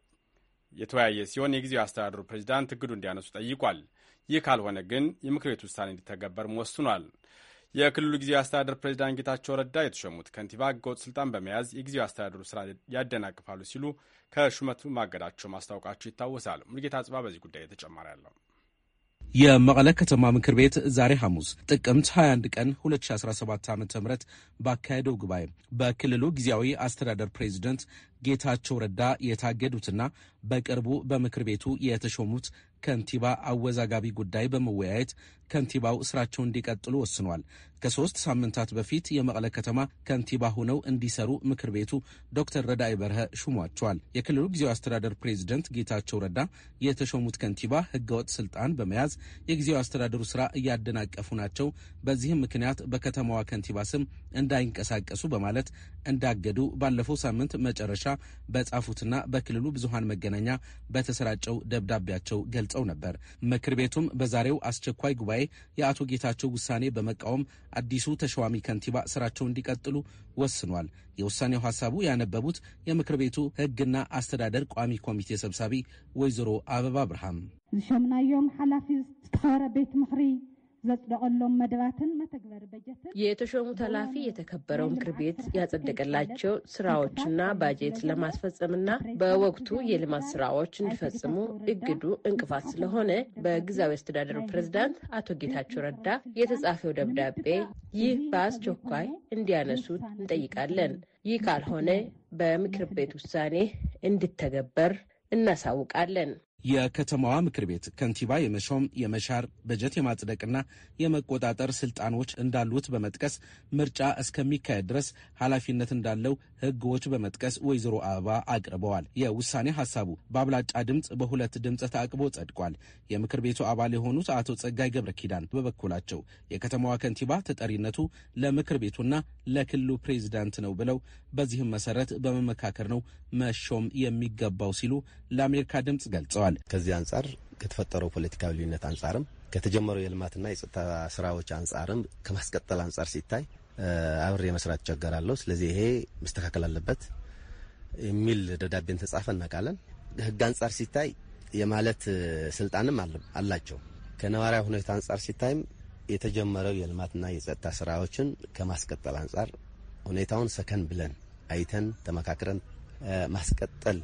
የተወያየ ሲሆን የጊዜው አስተዳደሩ ፕሬዚዳንት እግዱ እንዲያነሱ ጠይቋል። ይህ ካልሆነ ግን የምክር ቤቱ ውሳኔ እንዲተገበር ወስኗል። የክልሉ ጊዜያዊ አስተዳደር ፕሬዚዳንት ጌታቸው ረዳ የተሾሙት ከንቲባ ህገወጥ ስልጣን በመያዝ የጊዜው አስተዳደሩ ስራ ያደናቅፋሉ ሲሉ ከሹመቱ ማገዳቸው ማስታወቃቸው ይታወሳል። ሙልጌታ ጽባ በዚህ ጉዳይ ተጨማሪ አለው። የመቀለ ከተማ ምክር ቤት ዛሬ ሐሙስ ጥቅምት 21 ቀን 2017 ዓ ም ባካሄደው ጉባኤ በክልሉ ጊዜያዊ አስተዳደር ፕሬዚደንት ጌታቸው ረዳ የታገዱትና በቅርቡ በምክር ቤቱ የተሾሙት ከንቲባ አወዛጋቢ ጉዳይ በመወያየት ከንቲባው ስራቸውን እንዲቀጥሉ ወስኗል። ከሶስት ሳምንታት በፊት የመቀለ ከተማ ከንቲባ ሆነው እንዲሰሩ ምክር ቤቱ ዶክተር ረዳይ በርሀ ሹሟቸዋል። የክልሉ ጊዜያዊ አስተዳደር ፕሬዚደንት ጌታቸው ረዳ የተሾሙት ከንቲባ ህገወጥ ስልጣን በመያዝ የጊዜያዊ አስተዳደሩ ስራ እያደናቀፉ ናቸው። በዚህም ምክንያት በከተማዋ ከንቲባ ስም እንዳይንቀሳቀሱ በማለት እንዳገዱ ባለፈው ሳምንት መጨረሻ በጻፉትና በክልሉ ብዙሃን መገናኛ በተሰራጨው ደብዳቤያቸው ገልጸው ነበር። ምክር ቤቱም በዛሬው አስቸኳይ ጉባኤ የአቶ ጌታቸው ውሳኔ በመቃወም አዲሱ ተሸዋሚ ከንቲባ ስራቸው እንዲቀጥሉ ወስኗል። የውሳኔው ሀሳቡ ያነበቡት የምክር ቤቱ ህግና አስተዳደር ቋሚ ኮሚቴ ሰብሳቢ ወይዘሮ አበባ ብርሃም ዝሸምናዮም ሓላፊ ቤት ምክሪ ዘጽደቀሎም መደባትን መተግበር በጀትን የተሾሙ ኃላፊ የተከበረው ምክር ቤት ያጸደቀላቸው ስራዎችና ባጀት ለማስፈጸምና በወቅቱ የልማት ስራዎች እንዲፈጽሙ እግዱ እንቅፋት ስለሆነ በጊዜያዊ አስተዳደሩ ፕሬዝዳንት አቶ ጌታቸው ረዳ የተጻፈው ደብዳቤ ይህ በአስቸኳይ እንዲያነሱ እንጠይቃለን። ይህ ካልሆነ በምክር ቤት ውሳኔ እንዲተገበር እናሳውቃለን። የከተማዋ ምክር ቤት ከንቲባ የመሾም የመሻር በጀት የማጽደቅና የመቆጣጠር ስልጣኖች እንዳሉት በመጥቀስ ምርጫ እስከሚካሄድ ድረስ ኃላፊነት እንዳለው ሕጎች በመጥቀስ ወይዘሮ አበባ አቅርበዋል። የውሳኔ ሀሳቡ በአብላጫ ድምፅ በሁለት ድምፅ ተአቅቦ ጸድቋል። የምክር ቤቱ አባል የሆኑት አቶ ጸጋይ ገብረ ኪዳን በበኩላቸው የከተማዋ ከንቲባ ተጠሪነቱ ለምክር ቤቱና ለክልሉ ፕሬዚዳንት ነው ብለው በዚህም መሰረት በመመካከር ነው መሾም የሚገባው ሲሉ ለአሜሪካ ድምፅ ገልጸዋል። ተገልጿል። ከዚህ አንጻር ከተፈጠረው ፖለቲካዊ ልዩነት አንጻርም ከተጀመረው የልማትና የጸጥታ ስራዎች አንጻርም ከማስቀጠል አንጻር ሲታይ አብሬ መስራት ይቸገራለሁ። ስለዚህ ይሄ መስተካከል አለበት የሚል ደብዳቤን ተጻፈ እናውቃለን። ህግ አንጻር ሲታይ የማለት ስልጣንም አላቸው። ከነዋሪያ ሁኔታ አንጻር ሲታይም የተጀመረው የልማትና የጸጥታ ስራዎችን ከማስቀጠል አንጻር ሁኔታውን ሰከን ብለን አይተን ተመካክረን ማስቀጠል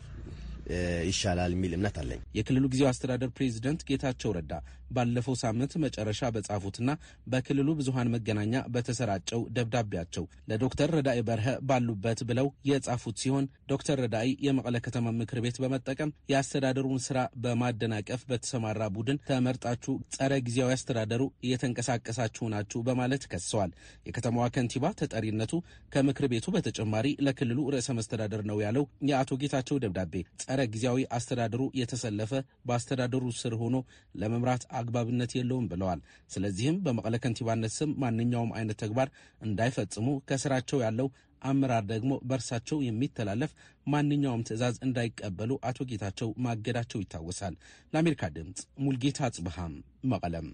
ይሻላል የሚል እምነት አለኝ። የክልሉ ጊዜያዊ አስተዳደር ፕሬዚደንት ጌታቸው ረዳ ባለፈው ሳምንት መጨረሻ በጻፉትና በክልሉ ብዙሀን መገናኛ በተሰራጨው ደብዳቤያቸው ለዶክተር ረዳኢ በርሀ ባሉበት ብለው የጻፉት ሲሆን ዶክተር ረዳኢ የመቀለ ከተማ ምክር ቤት በመጠቀም የአስተዳደሩን ስራ በማደናቀፍ በተሰማራ ቡድን ተመርጣችሁ ጸረ ጊዜያዊ አስተዳደሩ እየተንቀሳቀሳችሁ ናችሁ በማለት ከሰዋል። የከተማዋ ከንቲባ ተጠሪነቱ ከምክር ቤቱ በተጨማሪ ለክልሉ ርዕሰ መስተዳደር ነው ያለው የአቶ ጌታቸው ደብዳቤ ጸረ ጊዜያዊ አስተዳደሩ የተሰለፈ በአስተዳደሩ ስር ሆኖ ለመምራት አግባብነት የለውም ብለዋል። ስለዚህም በመቀለ ከንቲባነት ስም ማንኛውም አይነት ተግባር እንዳይፈጽሙ ከስራቸው ያለው አመራር ደግሞ በእርሳቸው የሚተላለፍ ማንኛውም ትዕዛዝ እንዳይቀበሉ አቶ ጌታቸው ማገዳቸው ይታወሳል። ለአሜሪካ ድምፅ ሙልጌታ አጽብሃም መቀለም።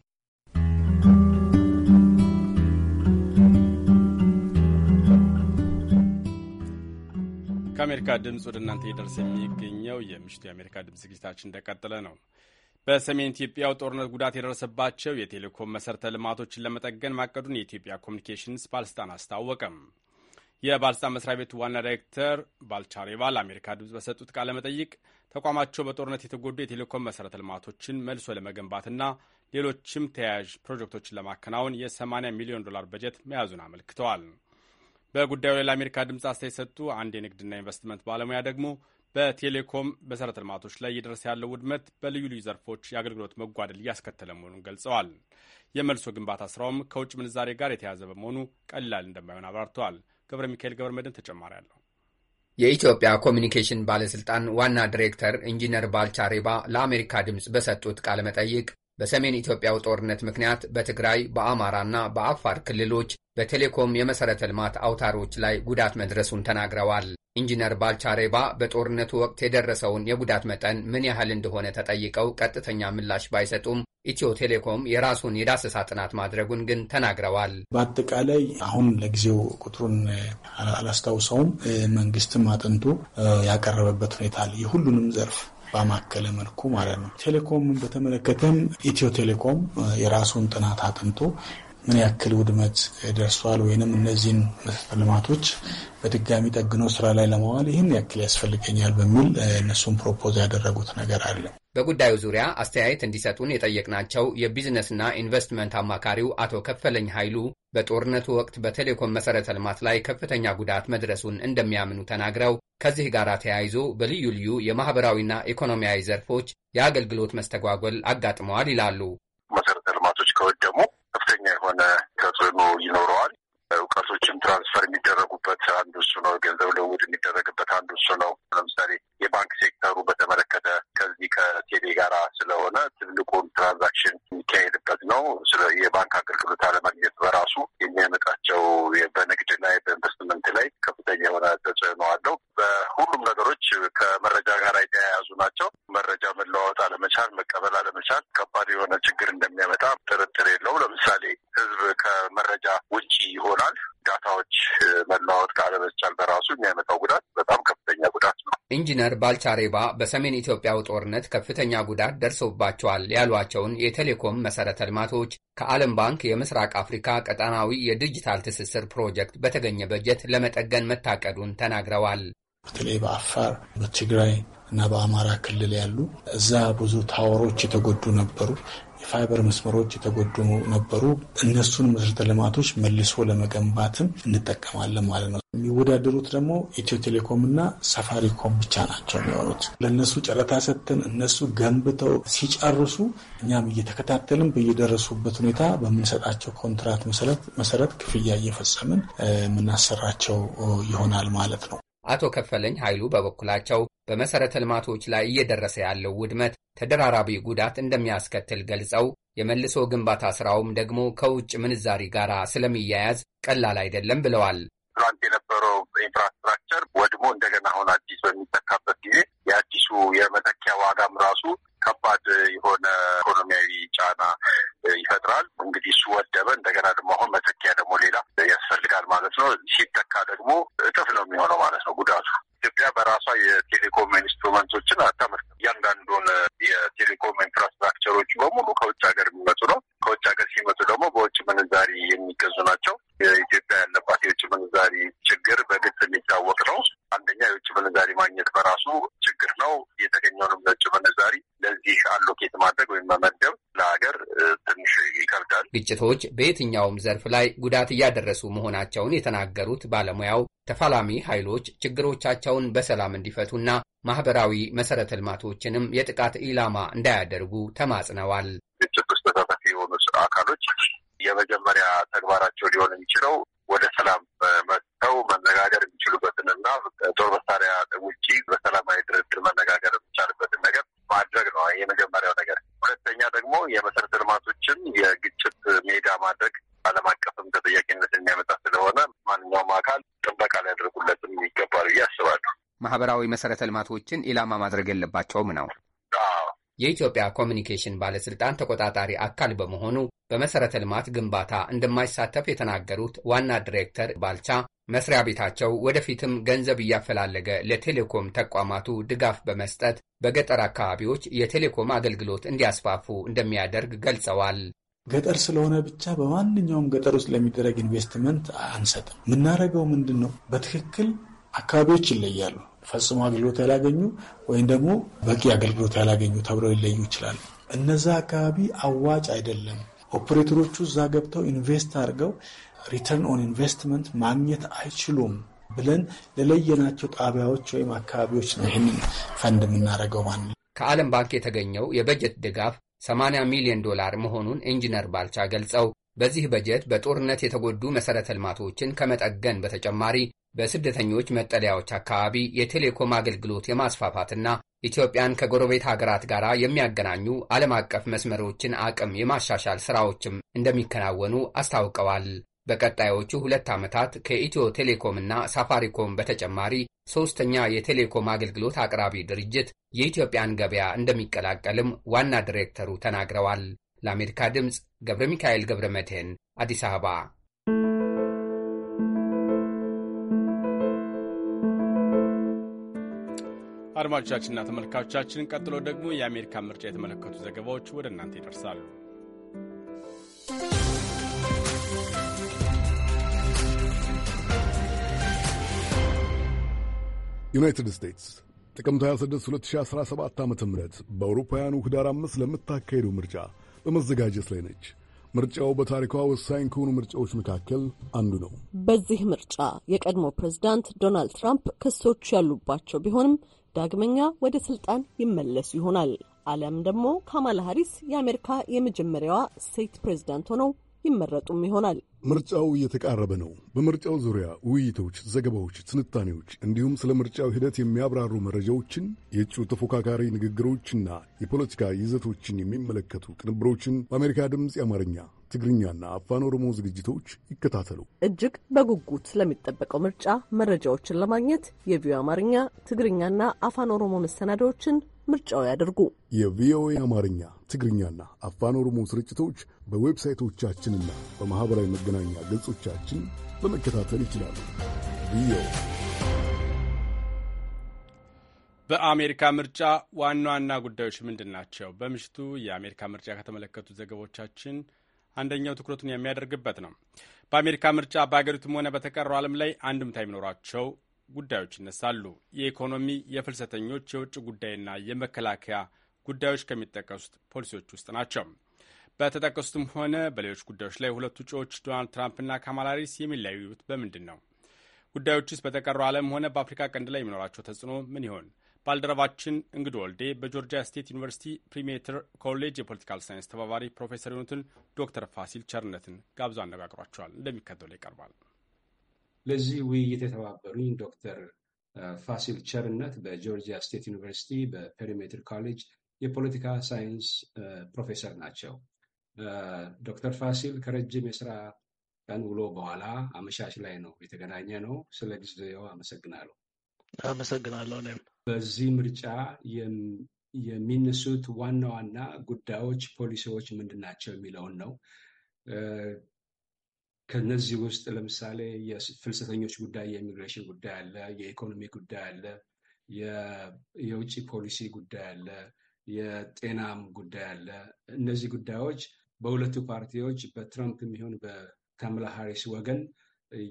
ከአሜሪካ ድምፅ ወደ እናንተ እየደረሰ የሚገኘው የምሽቱ የአሜሪካ ድምፅ ዝግጅታችን እንደቀጠለ ነው። በሰሜን ኢትዮጵያው ጦርነት ጉዳት የደረሰባቸው የቴሌኮም መሠረተ ልማቶችን ለመጠገን ማቀዱን የኢትዮጵያ ኮሚኒኬሽንስ ባለስልጣን አስታወቀም። የባለስልጣን መስሪያ ቤቱ ዋና ዳይሬክተር ባልቻሬባ ለአሜሪካ ድምፅ በሰጡት ቃለ መጠይቅ ተቋማቸው በጦርነት የተጎዱ የቴሌኮም መሠረተ ልማቶችን መልሶ ለመገንባትና ሌሎችም ተያያዥ ፕሮጀክቶችን ለማከናወን የ80 ሚሊዮን ዶላር በጀት መያዙን አመልክተዋል። በጉዳዩ ላይ ለአሜሪካ ድምፅ አስተያየት የሰጡ አንድ የንግድና ኢንቨስትመንት ባለሙያ ደግሞ በቴሌኮም መሠረተ ልማቶች ላይ እየደረሰ ያለው ውድመት በልዩ ልዩ ዘርፎች የአገልግሎት መጓደል እያስከተለ መሆኑን ገልጸዋል። የመልሶ ግንባታ ስራውም ከውጭ ምንዛሬ ጋር የተያዘ በመሆኑ ቀላል እንደማይሆን አብራርተዋል። ገብረ ሚካኤል ገብረ መድን ተጨማሪ አለው። የኢትዮጵያ ኮሚኒኬሽን ባለስልጣን ዋና ዲሬክተር ኢንጂነር ባልቻ ሬባ ለአሜሪካ ድምፅ በሰጡት ቃለ መጠይቅ በሰሜን ኢትዮጵያው ጦርነት ምክንያት በትግራይ በአማራና በአፋር ክልሎች በቴሌኮም የመሠረተ ልማት አውታሮች ላይ ጉዳት መድረሱን ተናግረዋል። ኢንጂነር ባልቻሬባ በጦርነቱ ወቅት የደረሰውን የጉዳት መጠን ምን ያህል እንደሆነ ተጠይቀው ቀጥተኛ ምላሽ ባይሰጡም ኢትዮ ቴሌኮም የራሱን የዳሰሳ ጥናት ማድረጉን ግን ተናግረዋል። በአጠቃላይ አሁን ለጊዜው ቁጥሩን አላስታውሰውም። መንግስትም አጥንቶ ያቀረበበት ሁኔታ አለ። የሁሉንም ዘርፍ ባማከለ መልኩ ማለት ነው። ቴሌኮምን በተመለከተም ኢትዮ ቴሌኮም የራሱን ጥናት አጥንቶ ምን ያክል ውድመት ደርሷል ወይንም እነዚህን መሰረተ ልማቶች በድጋሚ ጠግኖ ስራ ላይ ለማዋል ይህን ያክል ያስፈልገኛል በሚል እነሱም ፕሮፖዝ ያደረጉት ነገር አለ። በጉዳዩ ዙሪያ አስተያየት እንዲሰጡን የጠየቅናቸው የቢዝነስና ኢንቨስትመንት አማካሪው አቶ ከፈለኝ ኃይሉ በጦርነቱ ወቅት በቴሌኮም መሠረተ ልማት ላይ ከፍተኛ ጉዳት መድረሱን እንደሚያምኑ ተናግረው ከዚህ ጋር ተያይዞ በልዩ ልዩ የማኅበራዊና ኢኮኖሚያዊ ዘርፎች የአገልግሎት መስተጓጎል አጋጥመዋል ይላሉ። መሠረተ ልማቶች ከወደሙ ከፍተኛ የሆነ ተጽዕኖ ይኖረዋል። እውቀቶችም ትራንስፈር የሚደረጉበት አንዱ እሱ ነው። ገንዘብ ልውውጥ የሚደረግበት አንዱ እሱ ነው። ለምሳሌ የባንክ ሴክተሩ በተመለከተ ከዚህ ከቴሌ ጋር ስለሆነ ትልቁን ትራንዛክሽን የሚካሄድበት ነው። ስለ የባንክ አገልግሎት አለማግኘት በራሱ የሚያመጣቸው በንግድ ላይ በኢንቨስትመንት ላይ ከፍተኛ የሆነ ተጽዕኖ አለው። በሁሉም ነገሮች ከመረጃ ጋር የተያያዙ ናቸው። መረጃ መለዋወጥ አለመቻል፣ መቀበል አለመቻል ከባድ የሆነ ችግር እንደሚያመጣ ጥርጥር የለውም። ለምሳሌ ህዝብ ከመረጃ ውጭ ይሆናል። ዳታዎች መለዋወጥ ካለመቻል በራሱ የሚያመጣው ጉዳት በጣም ከፍተኛ ጉዳት ነው። ኢንጂነር ባልቻሬባ በሰሜን ኢትዮጵያው ጦርነት ከፍተኛ ጉዳት ደርሶባቸዋል ያሏቸውን የቴሌኮም መሰረተ ልማቶች ከዓለም ባንክ የምስራቅ አፍሪካ ቀጠናዊ የዲጂታል ትስስር ፕሮጀክት በተገኘ በጀት ለመጠገን መታቀዱን ተናግረዋል። በተለይ በአፋር፣ በትግራይ እና በአማራ ክልል ያሉ እዛ ብዙ ታወሮች የተጎዱ ነበሩ። የፋይበር መስመሮች የተጎዱ ነበሩ። እነሱን መሰረተ ልማቶች መልሶ ለመገንባትም እንጠቀማለን ማለት ነው። የሚወዳደሩት ደግሞ ኢትዮ ቴሌኮም እና ሳፋሪኮም ብቻ ናቸው የሚሆኑት። ለእነሱ ጨረታ ሰጥተን እነሱ ገንብተው ሲጨርሱ እኛም እየተከታተልን በየደረሱበት ሁኔታ በምንሰጣቸው ኮንትራት መሰረት ክፍያ እየፈጸምን የምናሰራቸው ይሆናል ማለት ነው። አቶ ከፈለኝ ኃይሉ በበኩላቸው በመሠረተ ልማቶች ላይ እየደረሰ ያለው ውድመት ተደራራቢ ጉዳት እንደሚያስከትል ገልጸው የመልሶ ግንባታ ስራውም ደግሞ ከውጭ ምንዛሪ ጋር ስለሚያያዝ ቀላል አይደለም ብለዋል። ትላንት የነበረው ኢንፍራስትራክቸር ወድሞ እንደገና አሁን አዲስ በሚተካበት ጊዜ የአዲሱ የመተኪያ ዋጋም ራሱ ከባድ የሆነ ኢኮኖሚያዊ ጫና ይፈጥራል። እንግዲህ እሱ ወደበ። እንደገና ደግሞ አሁን መተኪያ ደግሞ ሌላ ያስፈልጋል ማለት ነው። ሲተካ ደግሞ እጥፍ ነው የሚሆነው ማለት ነው ጉዳቱ። ኢትዮጵያ በራሷ የቴሌኮም ኢንስትሩመንቶችን አታመርትም። እያንዳንዱን የቴሌኮም ኢንፍራስትራክቸሮች በሙሉ ከውጭ ሀገር የሚመጡ ነው። ከውጭ ሀገር ሲመጡ ደግሞ በውጭ ምንዛሪ የሚገዙ ናቸው። የኢትዮጵያ ያለባት የውጭ ምንዛሪ ችግር በግልጽ የሚታወቅ ነው። አንደኛ የውጭ ምንዛሪ ማግኘት በራሱ ችግር ነው። የተገኘውንም የውጭ ምንዛሪ ለዚህ አሎኬት ማድረግ ወይም መመደብ ለሀገር ትንሽ ይከብዳል። ግጭቶች በየትኛውም ዘርፍ ላይ ጉዳት እያደረሱ መሆናቸውን የተናገሩት ባለሙያው ተፋላሚ ኃይሎች ችግሮቻቸውን በሰላም እንዲፈቱና ማህበራዊ መሰረተ ልማቶችንም የጥቃት ኢላማ እንዳያደርጉ ተማጽነዋል። ግጭት ውስጥ ተሳታፊ የሆኑ አካሎች የመጀመሪያ ተግባራቸው ሊሆን የሚችለው ወደ ሰላም መጥተው መነጋገር የሚችሉበትንና ጦር መሳሪያ ውጪ በሰላማዊ ድርድር መነጋገር የሚቻልበትን ነገር ማድረግ ነው። የመጀመሪያው ነገር። ሁለተኛ ደግሞ የመሰረተ ልማቶችን የግጭት ሜዳ ማድረግ ዓለም አቀፍም ተጠያቂነት የሚያመጣ ስለሆነ ማንኛውም አካል ጥበቃ ሊያደርጉለትም ይገባል ብዬ አስባለሁ። ማህበራዊ መሰረተ ልማቶችን ኢላማ ማድረግ የለባቸውም ነው። የኢትዮጵያ ኮሚኒኬሽን ባለስልጣን ተቆጣጣሪ አካል በመሆኑ በመሰረተ ልማት ግንባታ እንደማይሳተፍ የተናገሩት ዋና ዲሬክተር ባልቻ መስሪያ ቤታቸው ወደፊትም ገንዘብ እያፈላለገ ለቴሌኮም ተቋማቱ ድጋፍ በመስጠት በገጠር አካባቢዎች የቴሌኮም አገልግሎት እንዲያስፋፉ እንደሚያደርግ ገልጸዋል። ገጠር ስለሆነ ብቻ በማንኛውም ገጠር ውስጥ ለሚደረግ ኢንቨስትመንት አንሰጥም። የምናደርገው ምንድን ነው? በትክክል አካባቢዎች ይለያሉ። ፈጽሞ አገልግሎት ያላገኙ ወይም ደግሞ በቂ አገልግሎት ያላገኙ ተብለው ሊለዩ ይችላሉ። እነዛ አካባቢ አዋጭ አይደለም። ኦፕሬተሮቹ እዛ ገብተው ኢንቨስት አድርገው ሪተርን ኦን ኢንቨስትመንት ማግኘት አይችሉም ብለን ለለየናቸው ጣቢያዎች ወይም አካባቢዎች ነው ይህንን ፈንድ የምናደርገው። ማን ከዓለም ባንክ የተገኘው የበጀት ድጋፍ 80 ሚሊዮን ዶላር መሆኑን ኢንጂነር ባልቻ ገልጸው በዚህ በጀት በጦርነት የተጎዱ መሠረተ ልማቶችን ከመጠገን በተጨማሪ በስደተኞች መጠለያዎች አካባቢ የቴሌኮም አገልግሎት የማስፋፋትና ኢትዮጵያን ከጎረቤት ሀገራት ጋር የሚያገናኙ ዓለም አቀፍ መስመሮችን አቅም የማሻሻል ሥራዎችም እንደሚከናወኑ አስታውቀዋል። በቀጣዮቹ ሁለት ዓመታት ከኢትዮ ቴሌኮም እና ሳፋሪኮም በተጨማሪ ሦስተኛ የቴሌኮም አገልግሎት አቅራቢ ድርጅት የኢትዮጵያን ገበያ እንደሚቀላቀልም ዋና ዲሬክተሩ ተናግረዋል። ለአሜሪካ ድምፅ ገብረ ሚካኤል ገብረ መድህን አዲስ አበባ። አድማጮቻችንና ተመልካቾቻችን ቀጥሎ ደግሞ የአሜሪካን ምርጫ የተመለከቱ ዘገባዎች ወደ እናንተ ይደርሳሉ። ዩናይትድ ስቴትስ ጥቅምት 26 2017 ዓ ም በአውሮፓውያኑ ህዳር አምስት ለምታካሄደው ምርጫ በመዘጋጀት ላይ ነች። ምርጫው በታሪኳ ወሳኝ ከሆኑ ምርጫዎች መካከል አንዱ ነው። በዚህ ምርጫ የቀድሞ ፕሬዝዳንት ዶናልድ ትራምፕ ክሶች ያሉባቸው ቢሆንም ዳግመኛ ወደ ስልጣን ይመለሱ ይሆናል አሊያም ደግሞ ካማላ ሀሪስ የአሜሪካ የመጀመሪያዋ ሴት ፕሬዚዳንት ሆነው ይመረጡም ይሆናል። ምርጫው እየተቃረበ ነው። በምርጫው ዙሪያ ውይይቶች፣ ዘገባዎች፣ ትንታኔዎች እንዲሁም ስለ ምርጫው ሂደት የሚያብራሩ መረጃዎችን፣ የእጩ ተፎካካሪ ንግግሮችና የፖለቲካ ይዘቶችን የሚመለከቱ ቅንብሮችን በአሜሪካ ድምፅ የአማርኛ ትግርኛና አፋን ኦሮሞ ዝግጅቶች ይከታተሉ። እጅግ በጉጉት ስለሚጠበቀው ምርጫ መረጃዎችን ለማግኘት የቪዮ አማርኛ ትግርኛና አፋን ኦሮሞ መሰናዶዎችን ምርጫው ያደርጉ። የቪኦኤ አማርኛ፣ ትግርኛና አፋን ኦሮሞ ስርጭቶች በዌብሳይቶቻችንና በማኅበራዊ መገናኛ ገጾቻችን በመከታተል ይችላሉ። በአሜሪካ ምርጫ ዋና ዋና ጉዳዮች ምንድን ናቸው? በምሽቱ የአሜሪካ ምርጫ ከተመለከቱ ዘገቦቻችን አንደኛው ትኩረቱን የሚያደርግበት ነው። በአሜሪካ ምርጫ በሀገሪቱም ሆነ በተቀረው ዓለም ላይ አንድምታ የሚኖራቸው ጉዳዮች ይነሳሉ። የኢኮኖሚ፣ የፍልሰተኞች፣ የውጭ ጉዳይና የመከላከያ ጉዳዮች ከሚጠቀሱት ፖሊሲዎች ውስጥ ናቸው። በተጠቀሱትም ሆነ በሌሎች ጉዳዮች ላይ ሁለቱ እጩዎች ዶናልድ ትራምፕና ካማላ ሃሪስ የሚለያዩት በምንድን ነው? ውስጥ በተቀረው ዓለም ሆነ በአፍሪካ ቀንድ ላይ የሚኖራቸው ተጽዕኖ ምን ይሆን? ባልደረባችን እንግድ ወልዴ በጆርጂያ ስቴት ዩኒቨርሲቲ ፕሪሜትር ኮሌጅ የፖለቲካል ሳይንስ ተባባሪ ፕሮፌሰር የሆኑትን ዶክተር ፋሲል ቸርነትን ጋብዞ አነጋግሯቸዋል። እንደሚከተለው ይቀርባል። ለዚህ ውይይት የተባበሩኝ ዶክተር ፋሲል ቸርነት በጆርጂያ ስቴት ዩኒቨርሲቲ በፔሪሜትር ኮሌጅ የፖለቲካ ሳይንስ ፕሮፌሰር ናቸው። ዶክተር ፋሲል ከረጅም የስራ ቀን ውሎ በኋላ አመሻሽ ላይ ነው የተገናኘ ነው። ስለ ጊዜው አመሰግናለሁ። አመሰግናለሁ። እኔም በዚህ ምርጫ የሚነሱት ዋና ዋና ጉዳዮች፣ ፖሊሲዎች ምንድን ናቸው የሚለውን ነው ከነዚህ ውስጥ ለምሳሌ የፍልሰተኞች ጉዳይ፣ የኢሚግሬሽን ጉዳይ አለ፣ የኢኮኖሚ ጉዳይ አለ፣ የውጭ ፖሊሲ ጉዳይ አለ፣ የጤናም ጉዳይ አለ። እነዚህ ጉዳዮች በሁለቱ ፓርቲዎች በትራምፕ የሚሆን በካምላ ሃሪስ ወገን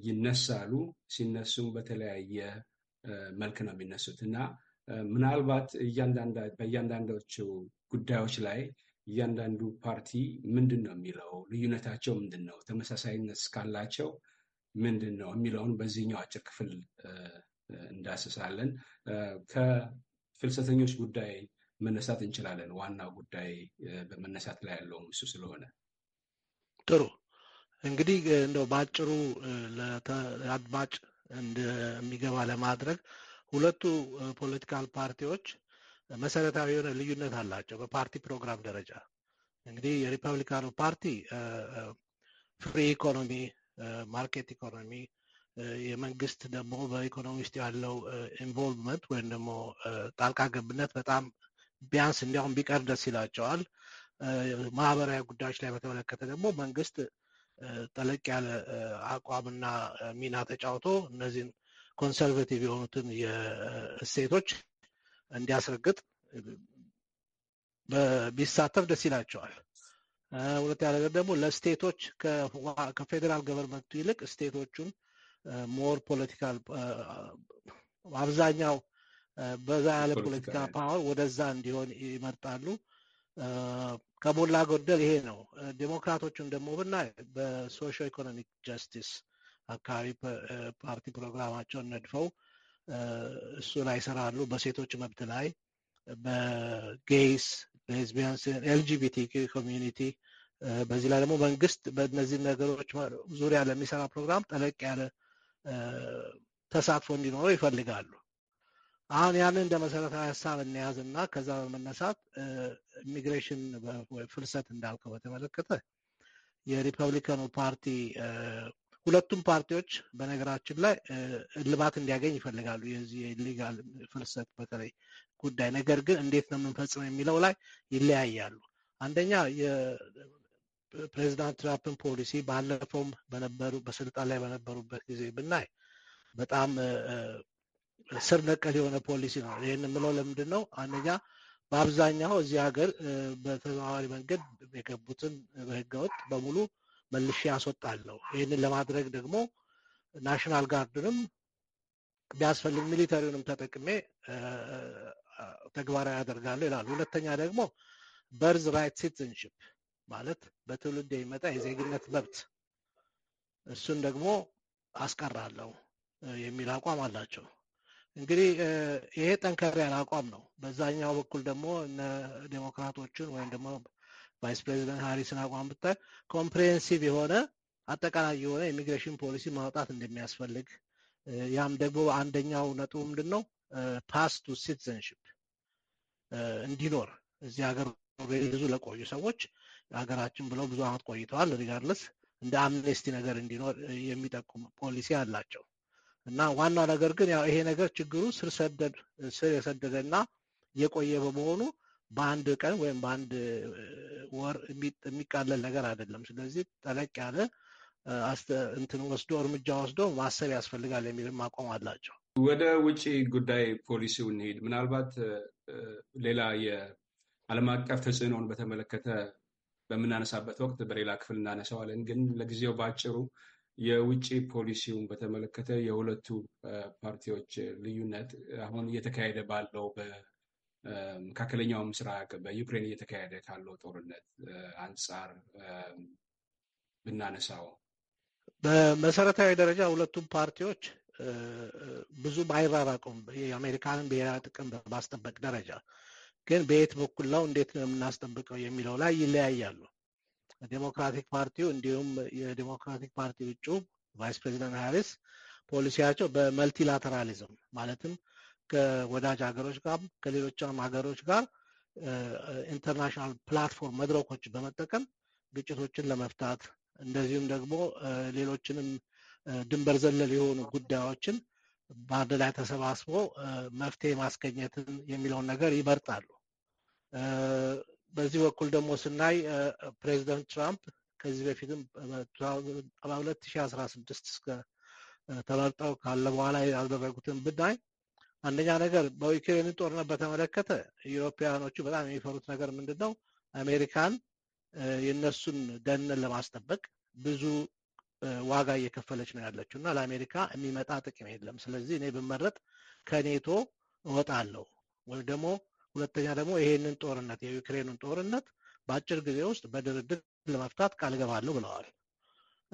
ይነሳሉ። ሲነሱም በተለያየ መልክ ነው የሚነሱት እና ምናልባት በእያንዳንዶቹ ጉዳዮች ላይ እያንዳንዱ ፓርቲ ምንድን ነው የሚለው፣ ልዩነታቸው ምንድን ነው፣ ተመሳሳይነት እስካላቸው ምንድን ነው የሚለውን በዚህኛው አጭር ክፍል እንዳስሳለን። ከፍልሰተኞች ጉዳይ መነሳት እንችላለን። ዋና ጉዳይ በመነሳት ላይ ያለው እሱ ስለሆነ ጥሩ። እንግዲህ እንደው በአጭሩ ለአድማጭ እንደሚገባ ለማድረግ ሁለቱ ፖለቲካል ፓርቲዎች መሰረታዊ የሆነ ልዩነት አላቸው። በፓርቲ ፕሮግራም ደረጃ እንግዲህ የሪፐብሊካኑ ፓርቲ ፍሪ ኢኮኖሚ፣ ማርኬት ኢኮኖሚ የመንግስት ደግሞ በኢኮኖሚ ውስጥ ያለው ኢንቮልቭመንት ወይም ደግሞ ጣልቃ ገብነት በጣም ቢያንስ እንዲያውም ቢቀር ደስ ይላቸዋል። ማህበራዊ ጉዳዮች ላይ በተመለከተ ደግሞ መንግስት ጠለቅ ያለ አቋምና ሚና ተጫውቶ እነዚህን ኮንሰርቬቲቭ የሆኑትን እሴቶች እንዲያስረግጥ ቢሳተፍ ደስ ይላቸዋል። ሁለተኛ ነገር ደግሞ ለስቴቶች ከፌዴራል ገቨርንመንቱ ይልቅ ስቴቶቹን ሞር ፖለቲካል አብዛኛው በዛ ያለ ፖለቲካ ፓወር ወደዛ እንዲሆን ይመርጣሉ። ከሞላ ጎደል ይሄ ነው። ዴሞክራቶቹን ደግሞ ብናይ በሶሽ ኢኮኖሚክ ጀስቲስ አካባቢ ፓርቲ ፕሮግራማቸውን ነድፈው እሱ ላይ ይሰራሉ። በሴቶች መብት ላይ፣ በጌይስ፣ ሌዝቢያንስ ኤልጂቢቲ ኮሚዩኒቲ በዚህ ላይ ደግሞ መንግስት በእነዚህ ነገሮች ዙሪያ ለሚሰራ ፕሮግራም ጠለቅ ያለ ተሳትፎ እንዲኖረው ይፈልጋሉ። አሁን ያንን እንደ መሰረታዊ ሀሳብ እንያዝ እና ከዛ በመነሳት ኢሚግሬሽን ፍልሰት እንዳልከው በተመለከተ የሪፐብሊካኑ ፓርቲ ሁለቱም ፓርቲዎች በነገራችን ላይ እልባት እንዲያገኝ ይፈልጋሉ የዚህ የኢሊጋል ፍልሰት በተለይ ጉዳይ። ነገር ግን እንዴት ነው የምንፈጽመው የሚለው ላይ ይለያያሉ። አንደኛ የፕሬዚዳንት ትራምፕን ፖሊሲ ባለፈውም በነበሩ በስልጣን ላይ በነበሩበት ጊዜ ብናይ በጣም ስር ነቀል የሆነ ፖሊሲ ነው። ይህን የምለው ለምንድን ነው? አንደኛ በአብዛኛው እዚህ ሀገር በተዘዋዋሪ መንገድ የገቡትን በህገወጥ በሙሉ መልሼ ያስወጣለሁ። ይህንን ለማድረግ ደግሞ ናሽናል ጋርድንም ቢያስፈልግ ሚሊተሪውንም ተጠቅሜ ተግባራዊ ያደርጋለሁ ይላሉ። ሁለተኛ ደግሞ በርዝ ራይት ሲቲዝንሽፕ ማለት በትውልድ የሚመጣ የዜግነት መብት እሱን ደግሞ አስቀራለሁ የሚል አቋም አላቸው። እንግዲህ ይሄ ጠንከር ያለ አቋም ነው። በዛኛው በኩል ደግሞ ዴሞክራቶችን ወይም ደግሞ ቫይስ ፕሬዚደንት ሃሪስን አቋም ብታይ ኮምፕሬሄንሲቭ የሆነ አጠቃላይ የሆነ ኢሚግሬሽን ፖሊሲ ማውጣት እንደሚያስፈልግ ያም ደግሞ አንደኛው ነጥቡ ምንድን ነው ፓስ ቱ ሲቲዘንሽፕ እንዲኖር እዚህ ሀገር ብዙ ለቆዩ ሰዎች ሀገራችን ብለው ብዙ አመት ቆይተዋል። ሪጋርለስ እንደ አምኔስቲ ነገር እንዲኖር የሚጠቁም ፖሊሲ አላቸው እና ዋናው ነገር ግን ያው ይሄ ነገር ችግሩ ስር የሰደደ እና የቆየ በመሆኑ በአንድ ቀን ወይም በአንድ ወር የሚቃለል ነገር አይደለም። ስለዚህ ጠለቅ ያለ እንትን ወስዶ እርምጃ ወስዶ ማሰብ ያስፈልጋል የሚልም አቋም አላቸው። ወደ ውጭ ጉዳይ ፖሊሲው እንሄድ። ምናልባት ሌላ የዓለም አቀፍ ተጽዕኖን በተመለከተ በምናነሳበት ወቅት በሌላ ክፍል እናነሳዋለን። ግን ለጊዜው በአጭሩ የውጭ ፖሊሲውን በተመለከተ የሁለቱ ፓርቲዎች ልዩነት አሁን እየተካሄደ ባለው መካከለኛው ምስራቅ በዩክሬን እየተካሄደ ካለው ጦርነት አንጻር ብናነሳው በመሰረታዊ ደረጃ ሁለቱም ፓርቲዎች ብዙ አይራራቁም። የአሜሪካንን ብሔራዊ ጥቅም በማስጠበቅ ደረጃ ግን በየት በኩል ነው እንዴት ነው የምናስጠብቀው የሚለው ላይ ይለያያሉ። ዴሞክራቲክ ፓርቲው እንዲሁም የዴሞክራቲክ ፓርቲ እጩ ቫይስ ፕሬዚደንት ሃሪስ ፖሊሲያቸው በመልቲላተራሊዝም ማለትም ከወዳጅ ሀገሮች ጋር ከሌሎችም ሀገሮች ጋር ኢንተርናሽናል ፕላትፎርም መድረኮች በመጠቀም ግጭቶችን ለመፍታት እንደዚሁም ደግሞ ሌሎችንም ድንበር ዘለል የሆኑ ጉዳዮችን በአንድ ላይ ተሰባስቦ መፍትሄ ማስገኘትን የሚለውን ነገር ይመርጣሉ። በዚህ በኩል ደግሞ ስናይ ፕሬዚደንት ትራምፕ ከዚህ በፊትም አስራ ስድስት እስከ ተመርጠው ካለ በኋላ ያደረጉትን ብናይ አንደኛ ነገር በዩክሬን ጦርነት በተመለከተ ዩሮፓውያኖቹ በጣም የሚፈሩት ነገር ምንድን ነው? አሜሪካን የእነሱን ደህንነት ለማስጠበቅ ብዙ ዋጋ እየከፈለች ነው ያለችው እና ለአሜሪካ የሚመጣ ጥቅም የለም። ስለዚህ እኔ ብመረጥ ከኔቶ እወጣለሁ ወይም ደግሞ ሁለተኛ ደግሞ ይሄንን ጦርነት የዩክሬኑን ጦርነት በአጭር ጊዜ ውስጥ በድርድር ለመፍታት ቃል ገባለሁ ብለዋል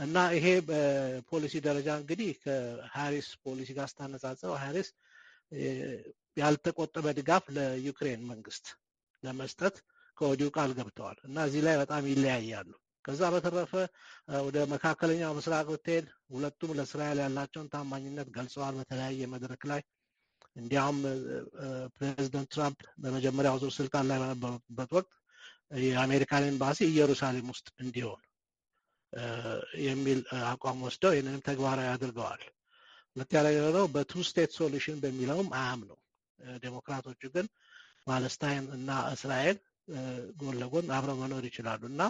እና ይሄ በፖሊሲ ደረጃ እንግዲህ ከሃሪስ ፖሊሲ ጋር ስታነጻጽረው ሃሪስ ያልተቆጠበ ድጋፍ ለዩክሬን መንግስት ለመስጠት ከወዲሁ ቃል ገብተዋል እና እዚህ ላይ በጣም ይለያያሉ። ከዛ በተረፈ ወደ መካከለኛው ምስራቅ ብትሄድ ሁለቱም ለእስራኤል ያላቸውን ታማኝነት ገልጸዋል በተለያየ መድረክ ላይ። እንዲያውም ፕሬዚደንት ትራምፕ በመጀመሪያው ዙር ስልጣን ላይ በነበሩበት ወቅት የአሜሪካን ኤምባሲ ኢየሩሳሌም ውስጥ እንዲሆን የሚል አቋም ወስደው ይህንንም ተግባራዊ አድርገዋል። ለተያለው በቱ ስቴት ሶሉሽን በሚለውም አያምኑም። ዴሞክራቶቹ ግን ፓለስታይን እና እስራኤል ጎን ለጎን አብረው መኖር ይችላሉ እና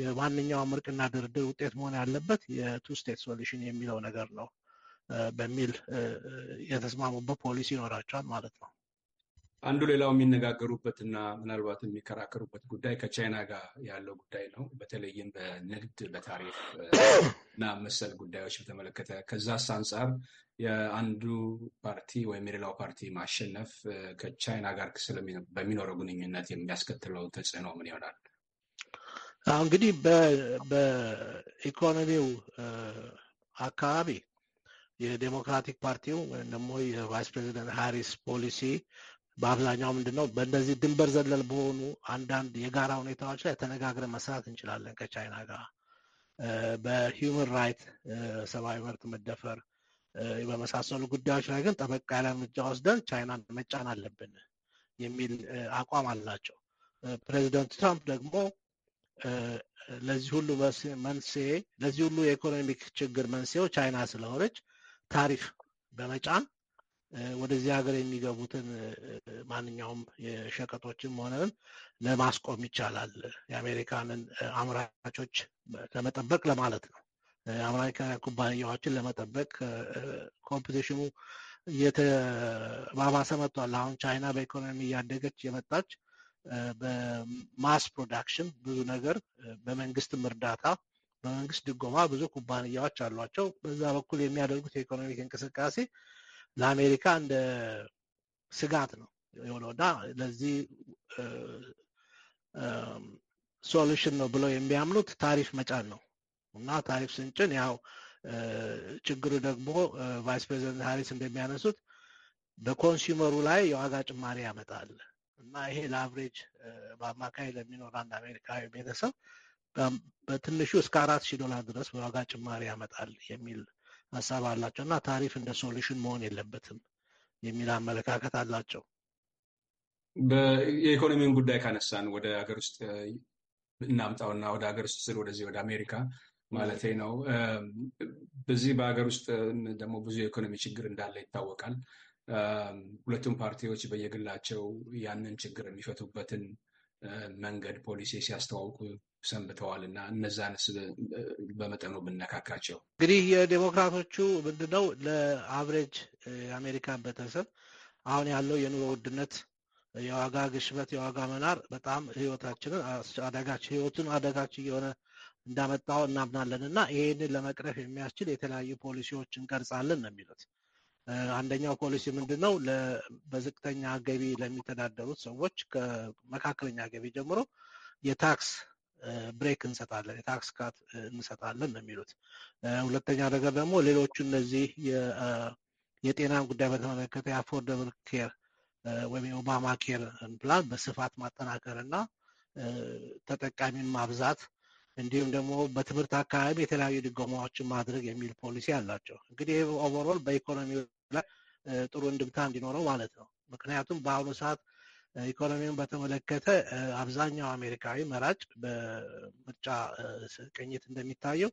የማንኛውም እርቅና ድርድር ውጤት መሆን ያለበት የቱ ስቴት ሶሉሽን የሚለው ነገር ነው በሚል የተስማሙበት ፖሊሲ ይኖራቸዋል ማለት ነው። አንዱ ሌላው የሚነጋገሩበትና ምናልባት የሚከራከሩበት ጉዳይ ከቻይና ጋር ያለው ጉዳይ ነው። በተለይም በንግድ በታሪፍ እና መሰል ጉዳዮች በተመለከተ ከዛስ አንጻር የአንዱ ፓርቲ ወይም የሌላው ፓርቲ ማሸነፍ ከቻይና ጋር በሚኖረው ግንኙነት የሚያስከትለው ተጽዕኖ ምን ይሆናል? እንግዲህ በኢኮኖሚው አካባቢ የዴሞክራቲክ ፓርቲው ወይም ደግሞ የቫይስ ፕሬዚደንት ሃሪስ ፖሊሲ በአብዛኛው ምንድን ነው በእንደዚህ ድንበር ዘለል በሆኑ አንዳንድ የጋራ ሁኔታዎች ላይ ተነጋግረን መስራት እንችላለን ከቻይና ጋር በሂውመን ራይት ሰብአዊ መብት መደፈር በመሳሰሉ ጉዳዮች ላይ ግን ጠበቅ ያለ እርምጃ ወስደን ቻይናን መጫን አለብን የሚል አቋም አላቸው። ፕሬዚደንት ትራምፕ ደግሞ ለዚህ ሁሉ መንስኤ ለዚህ ሁሉ የኢኮኖሚክ ችግር መንስኤው ቻይና ስለሆነች ታሪፍ በመጫን ወደዚህ ሀገር የሚገቡትን ማንኛውም የሸቀጦችም ሆነን ለማስቆም ይቻላል። የአሜሪካንን አምራቾች ለመጠበቅ ለማለት ነው። የአሜሪካ ኩባንያዎችን ለመጠበቅ ኮምፒቲሽኑ እየተባባሰ መጥቷል። አሁን ቻይና በኢኮኖሚ እያደገች የመጣች በማስ ፕሮዳክሽን ብዙ ነገር በመንግስትም እርዳታ በመንግስት ድጎማ ብዙ ኩባንያዎች አሏቸው። በዛ በኩል የሚያደርጉት የኢኮኖሚክ እንቅስቃሴ ለአሜሪካ እንደ ስጋት ነው የሆነው እና ለዚህ ሶሉሽን ነው ብለው የሚያምኑት ታሪፍ መጫን ነው እና ታሪፍ ስንጭን ያው ችግሩ ደግሞ ቫይስ ፕሬዚደንት ሀሪስ እንደሚያነሱት በኮንሱመሩ ላይ የዋጋ ጭማሪ ያመጣል እና ይሄ ለአብሬጅ በአማካይ ለሚኖር አንድ አሜሪካዊ ቤተሰብ በትንሹ እስከ አራት ሺህ ዶላር ድረስ በዋጋ ጭማሪ ያመጣል የሚል ሀሳብ አላቸው እና ታሪፍ እንደ ሶሉሽን መሆን የለበትም የሚል አመለካከት አላቸው። የኢኮኖሚውን ጉዳይ ካነሳን ወደ ሀገር ውስጥ እናምጣውና ወደ ሀገር ውስጥ ስል ወደዚህ ወደ አሜሪካ ማለት ነው። በዚህ በሀገር ውስጥ ደግሞ ብዙ የኢኮኖሚ ችግር እንዳለ ይታወቃል። ሁለቱም ፓርቲዎች በየግላቸው ያንን ችግር የሚፈቱበትን መንገድ ፖሊሲ ሲያስተዋውቁ ሰንብተዋል እና እነዛን በመጠኑ ብነካካቸው እንግዲህ የዴሞክራቶቹ ምንድነው ለአብሬጅ የአሜሪካን ቤተሰብ አሁን ያለው የኑሮ ውድነት፣ የዋጋ ግሽበት፣ የዋጋ መናር በጣም ህይወታችንን አደጋች ህይወቱን አደጋች እየሆነ እንዳመጣው እናምናለን እና ይህንን ለመቅረፍ የሚያስችል የተለያዩ ፖሊሲዎች እንቀርጻለን ነው የሚሉት። አንደኛው ፖሊሲ ምንድን ነው? በዝቅተኛ ገቢ ለሚተዳደሩት ሰዎች ከመካከለኛ ገቢ ጀምሮ የታክስ ብሬክ እንሰጣለን፣ የታክስ ካት እንሰጣለን ነው የሚሉት። ሁለተኛ ነገር ደግሞ ሌሎቹ እነዚህ የጤናን ጉዳይ በተመለከተ የአፎርደብል ኬር ወይም የኦባማ ኬር ፕላን በስፋት ማጠናከር እና ተጠቃሚን ማብዛት እንዲሁም ደግሞ በትምህርት አካባቢ የተለያዩ ድጎማዎችን ማድረግ የሚል ፖሊሲ አላቸው። እንግዲህ ኦቨሮል በኢኮኖሚ ላይ ጥሩ እንድምታ እንዲኖረው ማለት ነው። ምክንያቱም በአሁኑ ሰዓት ኢኮኖሚውን በተመለከተ አብዛኛው አሜሪካዊ መራጭ በምርጫ ቅኝት እንደሚታየው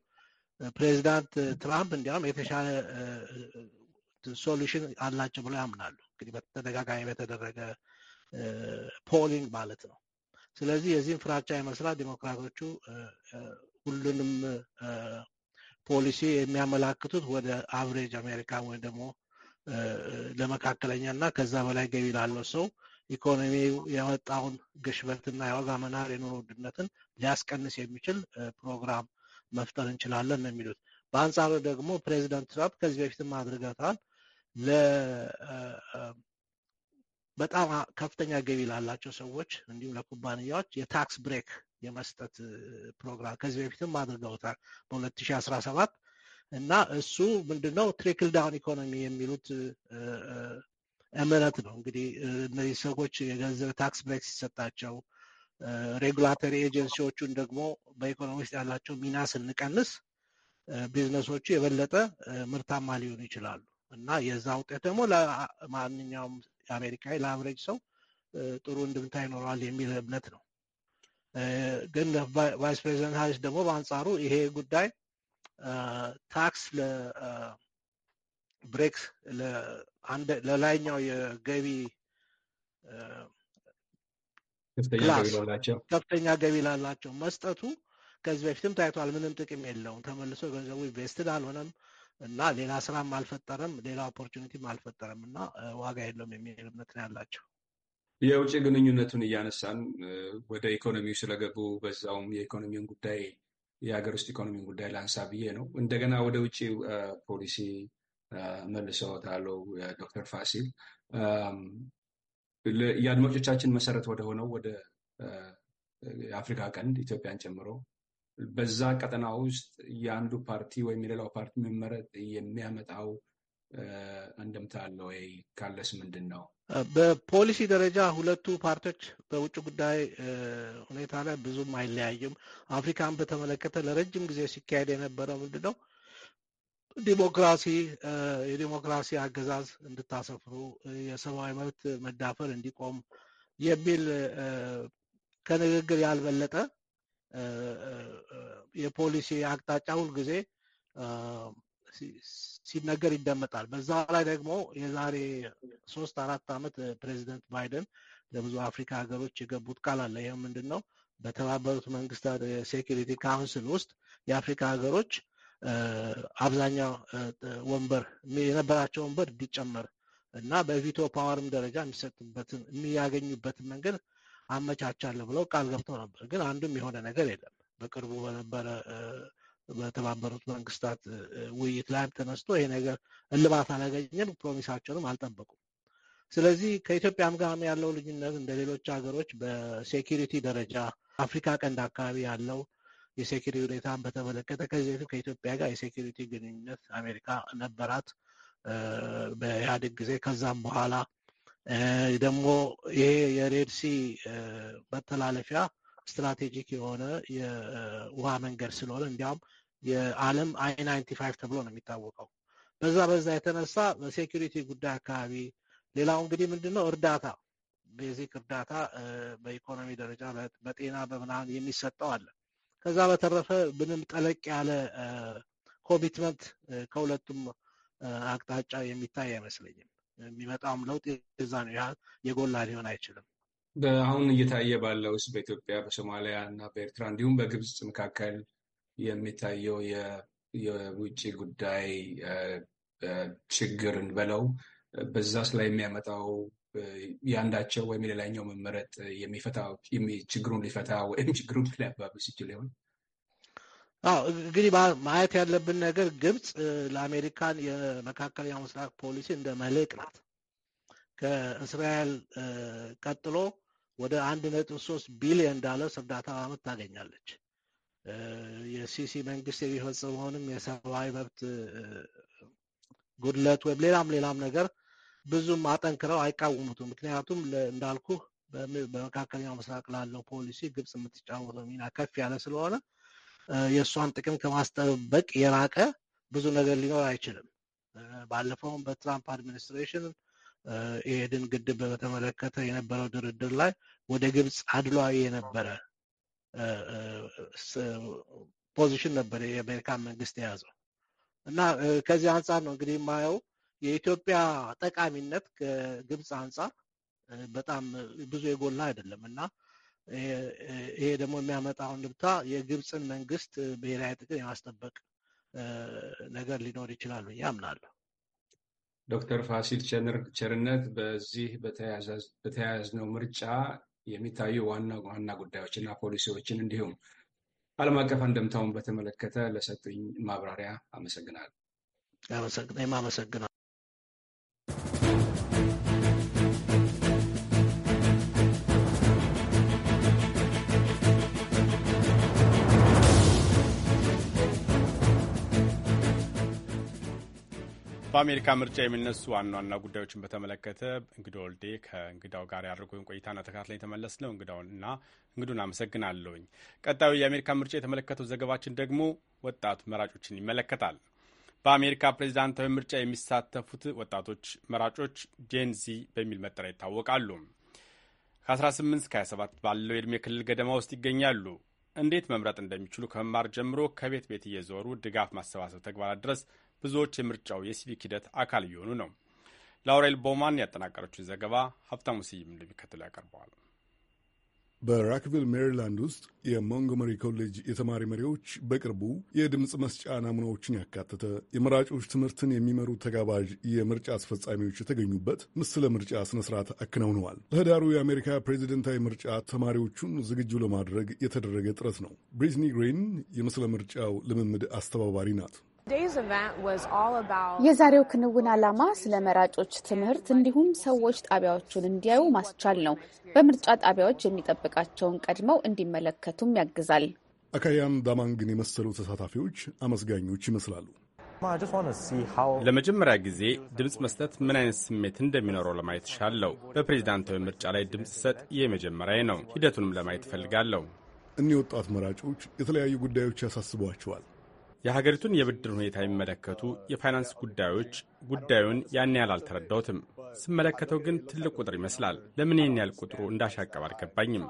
ፕሬዚዳንት ትራምፕ እንዲያውም የተሻለ ሶሉሽን አላቸው ብለው ያምናሉ። እንግዲህ በተደጋጋሚ በተደረገ ፖሊንግ ማለት ነው። ስለዚህ የዚህም ፍራቻ ይመስላል ዲሞክራቶቹ ሁሉንም ፖሊሲ የሚያመላክቱት ወደ አቨሬጅ አሜሪካን ወይም ደግሞ ለመካከለኛ እና ከዛ በላይ ገቢ ላለው ሰው ኢኮኖሚው የመጣውን ግሽበትና የዋጋ መናር የኑሮ ውድነትን ሊያስቀንስ የሚችል ፕሮግራም መፍጠር እንችላለን ነው የሚሉት። በአንጻሩ ደግሞ ፕሬዚደንት ትራምፕ ከዚህ በፊትም አድርገታል። በጣም ከፍተኛ ገቢ ላላቸው ሰዎች እንዲሁም ለኩባንያዎች የታክስ ብሬክ የመስጠት ፕሮግራም ከዚህ በፊትም አድርገውታል በ2017 እና እሱ ምንድነው ትሪክል ዳውን ኢኮኖሚ የሚሉት እምነት ነው። እንግዲህ እነዚህ ሰዎች የገንዘብ ታክስ ብሬክ ሲሰጣቸው ሬጉላተሪ ኤጀንሲዎቹን ደግሞ በኢኮኖሚ ውስጥ ያላቸው ሚና ስንቀንስ ቢዝነሶቹ የበለጠ ምርታማ ሊሆኑ ይችላሉ እና የዛ ውጤት ደግሞ ለማንኛውም አሜሪካዊ ለአብሬጅ ሰው ጥሩ እንድምታ ይኖረዋል የሚል እምነት ነው። ግን ቫይስ ፕሬዚደንት ሀሪስ ደግሞ በአንጻሩ ይሄ ጉዳይ ታክስ ብሬክስ ለላይኛው የገቢ ከፍተኛ ገቢ ላላቸው መስጠቱ ከዚህ በፊትም ታይቷል። ምንም ጥቅም የለውም። ተመልሶ ገንዘቡ ኢንቨስትድ አልሆነም እና ሌላ ስራም አልፈጠረም፣ ሌላ ኦፖርቹኒቲም አልፈጠረም እና ዋጋ የለውም የሚል እምነት ነው ያላቸው። የውጭ ግንኙነቱን እያነሳን ወደ ኢኮኖሚው ስለገቡ በዛውም የኢኮኖሚውን ጉዳይ የሀገር ውስጥ ኢኮኖሚውን ጉዳይ ላንሳ ብዬ ነው። እንደገና ወደ ውጭ ፖሊሲ መልሰውታለው ዶክተር ፋሲል የአድማጮቻችን መሰረት ወደሆነው ወደ የአፍሪካ ቀንድ ኢትዮጵያን ጨምሮ በዛ ቀጠና ውስጥ የአንዱ ፓርቲ ወይም የሌላው ፓርቲ መመረጥ የሚያመጣው እንደምታ አለ ወይ? ካለስ ምንድን ነው? በፖሊሲ ደረጃ ሁለቱ ፓርቲዎች በውጭ ጉዳይ ሁኔታ ላይ ብዙም አይለያዩም። አፍሪካን በተመለከተ ለረጅም ጊዜ ሲካሄድ የነበረው ምንድን ነው ዲሞክራሲ የዲሞክራሲ አገዛዝ እንድታሰፍሩ የሰብአዊ መብት መዳፈር እንዲቆም የሚል ከንግግር ያልበለጠ የፖሊሲ አቅጣጫ ሁልጊዜ ሲነገር ይደመጣል። በዛ ላይ ደግሞ የዛሬ ሶስት አራት ዓመት ፕሬዚደንት ባይደን ለብዙ አፍሪካ ሀገሮች የገቡት ቃል አለ። ይህ ምንድን ነው? በተባበሩት መንግስታት የሴኪሪቲ ካውንስል ውስጥ የአፍሪካ ሀገሮች አብዛኛው ወንበር የነበራቸው ወንበር እንዲጨመር እና በቪቶ ፓወርም ደረጃ የሚሰጥበትን የሚያገኙበትን መንገድ አመቻቻለሁ ብለው ቃል ገብተው ነበር። ግን አንዱም የሆነ ነገር የለም። በቅርቡ በነበረ በተባበሩት መንግስታት ውይይት ላይም ተነስቶ ይሄ ነገር እልባት አላገኘም፣ ፕሮሚሳቸውንም አልጠበቁም። ስለዚህ ከኢትዮጵያም ጋር ያለው ልዩነት እንደ ሌሎች ሀገሮች በሴኪሪቲ ደረጃ አፍሪካ ቀንድ አካባቢ ያለው የሴኪሪቲ ሁኔታ በተመለከተ ከዚህ በፊት ከኢትዮጵያ ጋር የሴኪሪቲ ግንኙነት አሜሪካ ነበራት በኢህአዴግ ጊዜ። ከዛም በኋላ ደግሞ ይሄ የሬድሲ መተላለፊያ ስትራቴጂክ የሆነ የውሃ መንገድ ስለሆነ እንዲያውም የዓለም አይ ናይንቲ ፋይቭ ተብሎ ነው የሚታወቀው። በዛ በዛ የተነሳ በሴኪሪቲ ጉዳይ አካባቢ ሌላው እንግዲህ ምንድን ነው እርዳታ ቤዚክ እርዳታ በኢኮኖሚ ደረጃ በጤና በምናምን የሚሰጠው አለ። ከዛ በተረፈ ምንም ጠለቅ ያለ ኮሚትመንት ከሁለቱም አቅጣጫ የሚታይ አይመስለኝም። የሚመጣውም ለውጥ የዛ ነው ያህል የጎላ ሊሆን አይችልም። በአሁን እየታየ ባለው ውስጥ በኢትዮጵያ በሶማሊያ እና በኤርትራ እንዲሁም በግብፅ መካከል የሚታየው የውጭ ጉዳይ ችግርን በለው በዛስ ላይ የሚያመጣው ያንዳቸው ወይም የሌላኛው መመረጥ ችግሩን ሊፈታ ወይም ችግሩን ሊያባብስ ይችል ይሆን? አዎ እንግዲህ ማየት ያለብን ነገር ግብፅ ለአሜሪካን የመካከለኛው ምስራቅ ፖሊሲ እንደ መልህቅ ናት። ከእስራኤል ቀጥሎ ወደ አንድ ነጥብ ሶስት ቢሊዮን ዳለርስ እርዳታ በዓመት ታገኛለች። የሲሲ መንግስት የሚፈጽመውንም የሰብአዊ መብት ጉድለት ወይም ሌላም ሌላም ነገር ብዙም አጠንክረው አይቃወሙትም። ምክንያቱም እንዳልኩህ በመካከለኛው ምስራቅ ላለው ፖሊሲ ግብጽ የምትጫወተው ሚና ከፍ ያለ ስለሆነ የእሷን ጥቅም ከማስጠበቅ የራቀ ብዙ ነገር ሊኖር አይችልም። ባለፈውም በትራምፕ አድሚኒስትሬሽን የኤደን ግድብ በተመለከተ የነበረው ድርድር ላይ ወደ ግብጽ አድሏዊ የነበረ ፖዚሽን ነበር የአሜሪካን መንግስት የያዘው እና ከዚህ አንጻር ነው እንግዲህ የማየው የኢትዮጵያ ጠቃሚነት ከግብፅ አንጻር በጣም ብዙ የጎላ አይደለም እና ይሄ ደግሞ የሚያመጣውን አንድምታ የግብፅን መንግስት ብሔራዊ ጥቅም የማስጠበቅ ነገር ሊኖር ይችላል ብዬ አምናለሁ። ዶክተር ፋሲል ቸርነት በዚህ በተያያዝነው ምርጫ የሚታዩ ዋና ዋና እና ፖሊሲዎችን እንዲሁም ዓለም አቀፍ አንደምታውን በተመለከተ ለሰጡኝ ማብራሪያ አመሰግናለሁ። አመሰግናል። በአሜሪካ ምርጫ የሚነሱ ዋና ዋና ጉዳዮችን በተመለከተ እንግዳ ወልዴ ከእንግዳው ጋር ያደረጉን ቆይታና ተከታትለን የተመለስ ነው። እንግዳውንና እንግዱን አመሰግናለሁኝ። ቀጣዩ የአሜሪካ ምርጫ የተመለከተው ዘገባችን ደግሞ ወጣት መራጮችን ይመለከታል። በአሜሪካ ፕሬዚዳንታዊ ምርጫ የሚሳተፉት ወጣቶች መራጮች ጄንዚ በሚል መጠሪያ ይታወቃሉ። ከ18 እስከ 27 ባለው የዕድሜ ክልል ገደማ ውስጥ ይገኛሉ። እንዴት መምረጥ እንደሚችሉ ከመማር ጀምሮ ከቤት ቤት እየዞሩ ድጋፍ ማሰባሰብ ተግባራት ድረስ ብዙዎች የምርጫው የሲቪክ ሂደት አካል እየሆኑ ነው። ላውሬል ቦማን ያጠናቀረችው ዘገባ ሀብታሙ ስይም እንደሚከተለው ያቀርበዋል። በራክቪል ሜሪላንድ ውስጥ የሞንጎመሪ ኮሌጅ የተማሪ መሪዎች በቅርቡ የድምፅ መስጫ ናሙናዎችን ያካተተ የመራጮች ትምህርትን የሚመሩ ተጋባዥ የምርጫ አስፈጻሚዎች የተገኙበት ምስለ ምርጫ ስርዓት አከናውነዋል። ለህዳሩ የአሜሪካ ፕሬዚደንታዊ ምርጫ ተማሪዎቹን ዝግጁ ለማድረግ የተደረገ ጥረት ነው። ብሪትኒ ግሪን የምስለ ምርጫው ልምምድ አስተባባሪ ናት። የዛሬው ክንውን ዓላማ ስለ መራጮች ትምህርት እንዲሁም ሰዎች ጣቢያዎቹን እንዲያዩ ማስቻል ነው። በምርጫ ጣቢያዎች የሚጠብቃቸውን ቀድመው እንዲመለከቱም ያግዛል። አካያም ዳማንግን የመሰሉ ተሳታፊዎች አመስጋኞች ይመስላሉ። ለመጀመሪያ ጊዜ ድምፅ መስጠት ምን አይነት ስሜት እንደሚኖረው ለማየት ሻለው። በፕሬዚዳንታዊ ምርጫ ላይ ድምፅ ሰጥ የመጀመሪያ ነው። ሂደቱንም ለማየት እፈልጋለሁ። እኒህ ወጣት መራጮች የተለያዩ ጉዳዮች ያሳስቧቸዋል። የሀገሪቱን የብድር ሁኔታ የሚመለከቱ የፋይናንስ ጉዳዮች ጉዳዩን ያን ያህል አልተረዳሁትም። ስመለከተው ግን ትልቅ ቁጥር ይመስላል። ለምን ይህን ያህል ቁጥሩ እንዳሻቀብ አልገባኝም።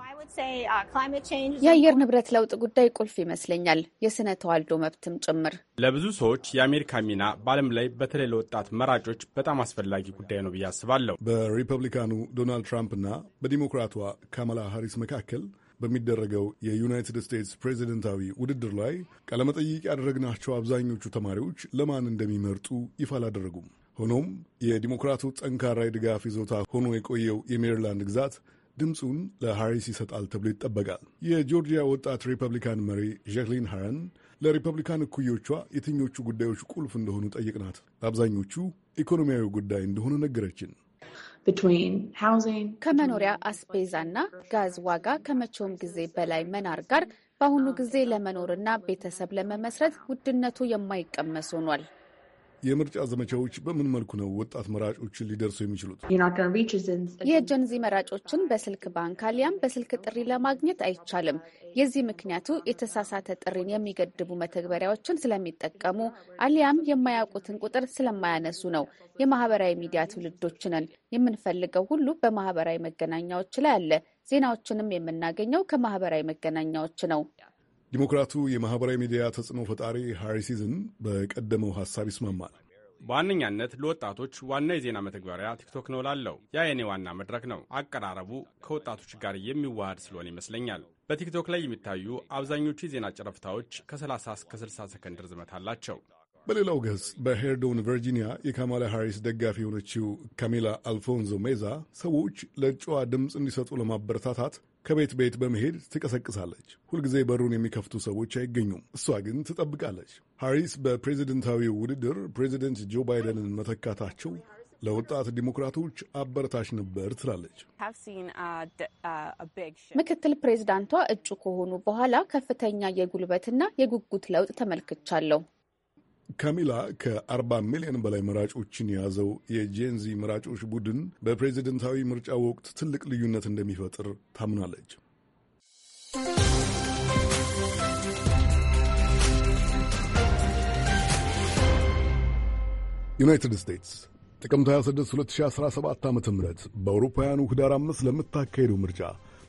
የአየር ንብረት ለውጥ ጉዳይ ቁልፍ ይመስለኛል፣ የስነ ተዋልዶ መብትም ጭምር። ለብዙ ሰዎች የአሜሪካ ሚና በዓለም ላይ በተለይ ለወጣት መራጮች በጣም አስፈላጊ ጉዳይ ነው ብዬ አስባለሁ። በሪፐብሊካኑ ዶናልድ ትራምፕና በዲሞክራቷ ካማላ ሀሪስ መካከል በሚደረገው የዩናይትድ ስቴትስ ፕሬዚደንታዊ ውድድር ላይ ቃለመጠይቅ ያደረግናቸው አብዛኞቹ ተማሪዎች ለማን እንደሚመርጡ ይፋ አላደረጉም። ሆኖም የዲሞክራቱ ጠንካራ የድጋፍ ይዞታ ሆኖ የቆየው የሜሪላንድ ግዛት ድምፁን ለሃሪስ ይሰጣል ተብሎ ይጠበቃል። የጆርጂያ ወጣት ሪፐብሊካን መሪ ዣክሊን ሃረን ለሪፐብሊካን እኩዮቿ የትኞቹ ጉዳዮች ቁልፍ እንደሆኑ ጠየቅናት። ለአብዛኞቹ ኢኮኖሚያዊ ጉዳይ እንደሆነ ነገረችን። ከመኖሪያ አስቤዛና ጋዝ ዋጋ ከመቼውም ጊዜ በላይ መናር ጋር በአሁኑ ጊዜ ለመኖርና ቤተሰብ ለመመስረት ውድነቱ የማይቀመስ ሆኗል። የምርጫ ዘመቻዎች በምን መልኩ ነው ወጣት መራጮችን ሊደርሱ የሚችሉት? የጀንዚ መራጮችን በስልክ ባንክ አሊያም በስልክ ጥሪ ለማግኘት አይቻልም። የዚህ ምክንያቱ የተሳሳተ ጥሪን የሚገድቡ መተግበሪያዎችን ስለሚጠቀሙ አሊያም የማያውቁትን ቁጥር ስለማያነሱ ነው። የማህበራዊ ሚዲያ ትውልዶች ነን። የምንፈልገው ሁሉ በማህበራዊ መገናኛዎች ላይ አለ። ዜናዎችንም የምናገኘው ከማህበራዊ መገናኛዎች ነው። ዲሞክራቱ የማኅበራዊ ሚዲያ ተጽዕኖ ፈጣሪ ሃሪሲዝን በቀደመው ሐሳብ ይስማማል። በዋነኛነት ለወጣቶች ዋና የዜና መተግበሪያ ቲክቶክ ነው ላለው ያ የኔ ዋና መድረክ ነው። አቀራረቡ ከወጣቶች ጋር የሚዋሃድ ስለሆነ ይመስለኛል። በቲክቶክ ላይ የሚታዩ አብዛኞቹ የዜና ጨረፍታዎች ከ30 እስከ 60 ሰከንድ ርዝመት አላቸው። በሌላው ገጽ በሄርዶን ቨርጂኒያ የካማላ ሃሪስ ደጋፊ የሆነችው ካሜላ አልፎንዞ ሜዛ ሰዎች ለእጩዋ ድምፅ እንዲሰጡ ለማበረታታት ከቤት ቤት በመሄድ ትቀሰቅሳለች። ሁልጊዜ በሩን የሚከፍቱ ሰዎች አይገኙም። እሷ ግን ትጠብቃለች። ሃሪስ በፕሬዚደንታዊ ውድድር ፕሬዚደንት ጆ ባይደንን መተካታቸው ለወጣት ዲሞክራቶች አበረታሽ ነበር ትላለች። ምክትል ፕሬዝዳንቷ እጩ ከሆኑ በኋላ ከፍተኛ የጉልበትና የጉጉት ለውጥ ተመልክቻለሁ። ካሚላ ከ40 ሚሊዮን በላይ መራጮችን የያዘው የጄንዚ መራጮች ቡድን በፕሬዚደንታዊ ምርጫ ወቅት ትልቅ ልዩነት እንደሚፈጥር ታምናለች። ዩናይትድ ስቴትስ ጥቅምት 26 2017 ዓ ም በአውሮፓውያኑ ህዳር 5 ለምታካሄደው ምርጫ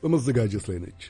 በመዘጋጀት ላይ ነች።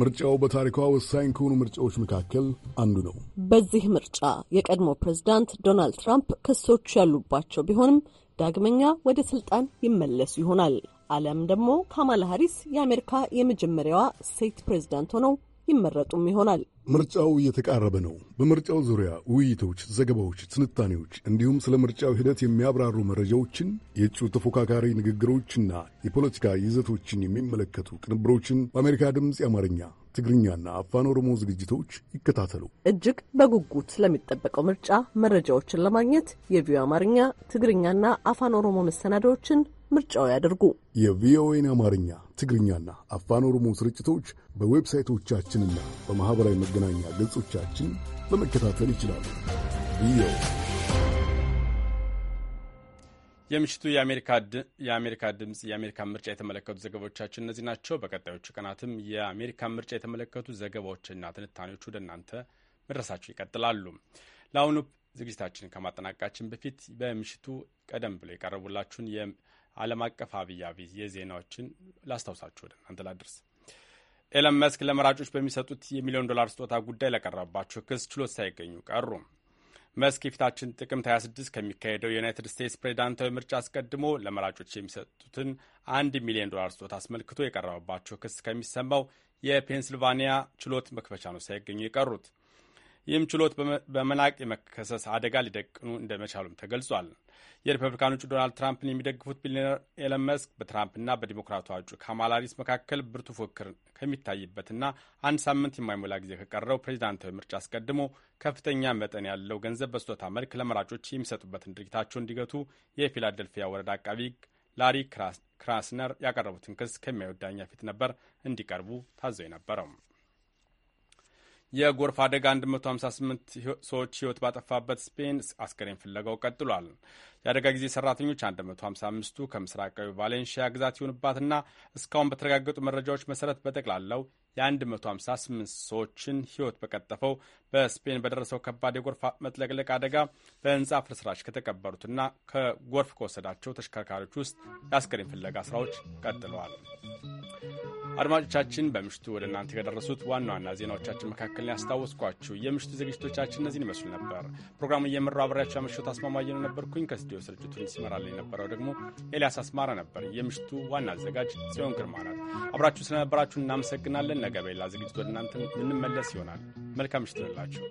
ምርጫው በታሪኳ ወሳኝ ከሆኑ ምርጫዎች መካከል አንዱ ነው። በዚህ ምርጫ የቀድሞ ፕሬዝዳንት ዶናልድ ትራምፕ ክሶች ያሉባቸው ቢሆንም ዳግመኛ ወደ ስልጣን ይመለሱ ይሆናል። አለም ደግሞ ካማላ ሀሪስ የአሜሪካ የመጀመሪያዋ ሴት ፕሬዝዳንት ሆነው ይመረጡም ይሆናል። ምርጫው እየተቃረበ ነው። በምርጫው ዙሪያ ውይይቶች፣ ዘገባዎች፣ ትንታኔዎች እንዲሁም ስለ ምርጫው ሂደት የሚያብራሩ መረጃዎችን የእጩ ተፎካካሪ ንግግሮችና የፖለቲካ ይዘቶችን የሚመለከቱ ቅንብሮችን በአሜሪካ ድምፅ የአማርኛ ትግርኛና አፋን ኦሮሞ ዝግጅቶች ይከታተሉ። እጅግ በጉጉት ስለሚጠበቀው ምርጫ መረጃዎችን ለማግኘት የቪዮ አማርኛ ትግርኛና አፋን ኦሮሞ መሰናዳዎችን ምርጫው ያደርጉ። የቪኦኤን አማርኛ፣ ትግርኛና አፋን ኦሮሞ ስርጭቶች በዌብሳይቶቻችንና በማኅበራዊ መገናኛ ገጾቻችን በመከታተል ይችላሉ። የምሽቱ የአሜሪካ ድምፅ የአሜሪካን ምርጫ የተመለከቱ ዘገባዎቻችን እነዚህ ናቸው። በቀጣዮቹ ቀናትም የአሜሪካን ምርጫ የተመለከቱ ዘገባዎችና ትንታኔዎች ወደ እናንተ መድረሳቸው ይቀጥላሉ። ለአሁኑ ዝግጅታችን ከማጠናቀቃችን በፊት በምሽቱ ቀደም ብሎ የቀረቡላችሁን ዓለም አቀፍ አብይ አብይ የዜናዎችን ላስታውሳችሁ ወደ እናንተ ላድርስ። ኤለን መስክ ለመራጮች በሚሰጡት የሚሊዮን ዶላር ስጦታ ጉዳይ ለቀረበባቸው ክስ ችሎት ሳይገኙ ቀሩ። መስክ የፊታችን ጥቅምት 26 ከሚካሄደው የዩናይትድ ስቴትስ ፕሬዚዳንታዊ ምርጫ አስቀድሞ ለመራጮች የሚሰጡትን አንድ ሚሊዮን ዶላር ስጦታ አስመልክቶ የቀረበባቸው ክስ ከሚሰማው የፔንስልቫኒያ ችሎት መክፈቻ ነው ሳይገኙ የቀሩት። ይህም ችሎት በመናቅ የመከሰስ አደጋ ሊደቅኑ እንደመቻሉም ተገልጿል። የሪፐብሊካኑ እጩ ዶናልድ ትራምፕን የሚደግፉት ቢሊዮነር ኤለን መስክ በትራምፕና በዲሞክራቷ እጩ ካማላ ሃሪስ መካከል ብርቱ ፉክክር ከሚታይበትና አንድ ሳምንት የማይሞላ ጊዜ ከቀረው ፕሬዚዳንታዊ ምርጫ አስቀድሞ ከፍተኛ መጠን ያለው ገንዘብ በስጦታ መልክ ለመራጮች የሚሰጡበትን ድርጊታቸው እንዲገቱ የፊላደልፊያ ወረዳ አቃቢ ላሪ ክራስነር ያቀረቡትን ክስ ከሚያወዳኛ ዳኛ ፊት ነበር እንዲቀርቡ ታዘው የነበረው። የጎርፍ አደጋ 158 ሰዎች ህይወት ባጠፋበት ስፔን አስከሬን ፍለጋው ቀጥሏል። የአደጋ ጊዜ ሰራተኞች 155ቱ ከምስራቃዊ ቫሌንሺያ ግዛት ይሆንባትና እስካሁን በተረጋገጡ መረጃዎች መሰረት በጠቅላላው የ158 ሰዎችን ሕይወት በቀጠፈው በስፔን በደረሰው ከባድ የጎርፍ መጥለቅለቅ አደጋ በህንፃ ፍርስራሽ ከተቀበሩትና ከጎርፍ ከወሰዳቸው ተሽከርካሪዎች ውስጥ የአስከሬን ፍለጋ ስራዎች ቀጥለዋል። አድማጮቻችን በምሽቱ ወደ እናንተ ከደረሱት ዋና ዋና ዜናዎቻችን መካከል ያስታወስኳችሁ የምሽቱ ዝግጅቶቻችን እነዚህን ይመስሉ ነበር። ፕሮግራሙ እየመራው አብሬያቸው ያመሸሁት አስማማየ ነው ነበርኩኝ ከስቱዲዮ ራዲዮ ስርጭቱን ሲመራል የነበረው ደግሞ ኤልያስ አስማራ ነበር። የምሽቱ ዋና አዘጋጅ ጽዮን ግርማ ናት። አብራችሁ ስለነበራችሁ እናመሰግናለን። ነገ በሌላ ዝግጅት ወደ እናንተ የምንመለስ ይሆናል። መልካም ምሽት ይሁንላችሁ።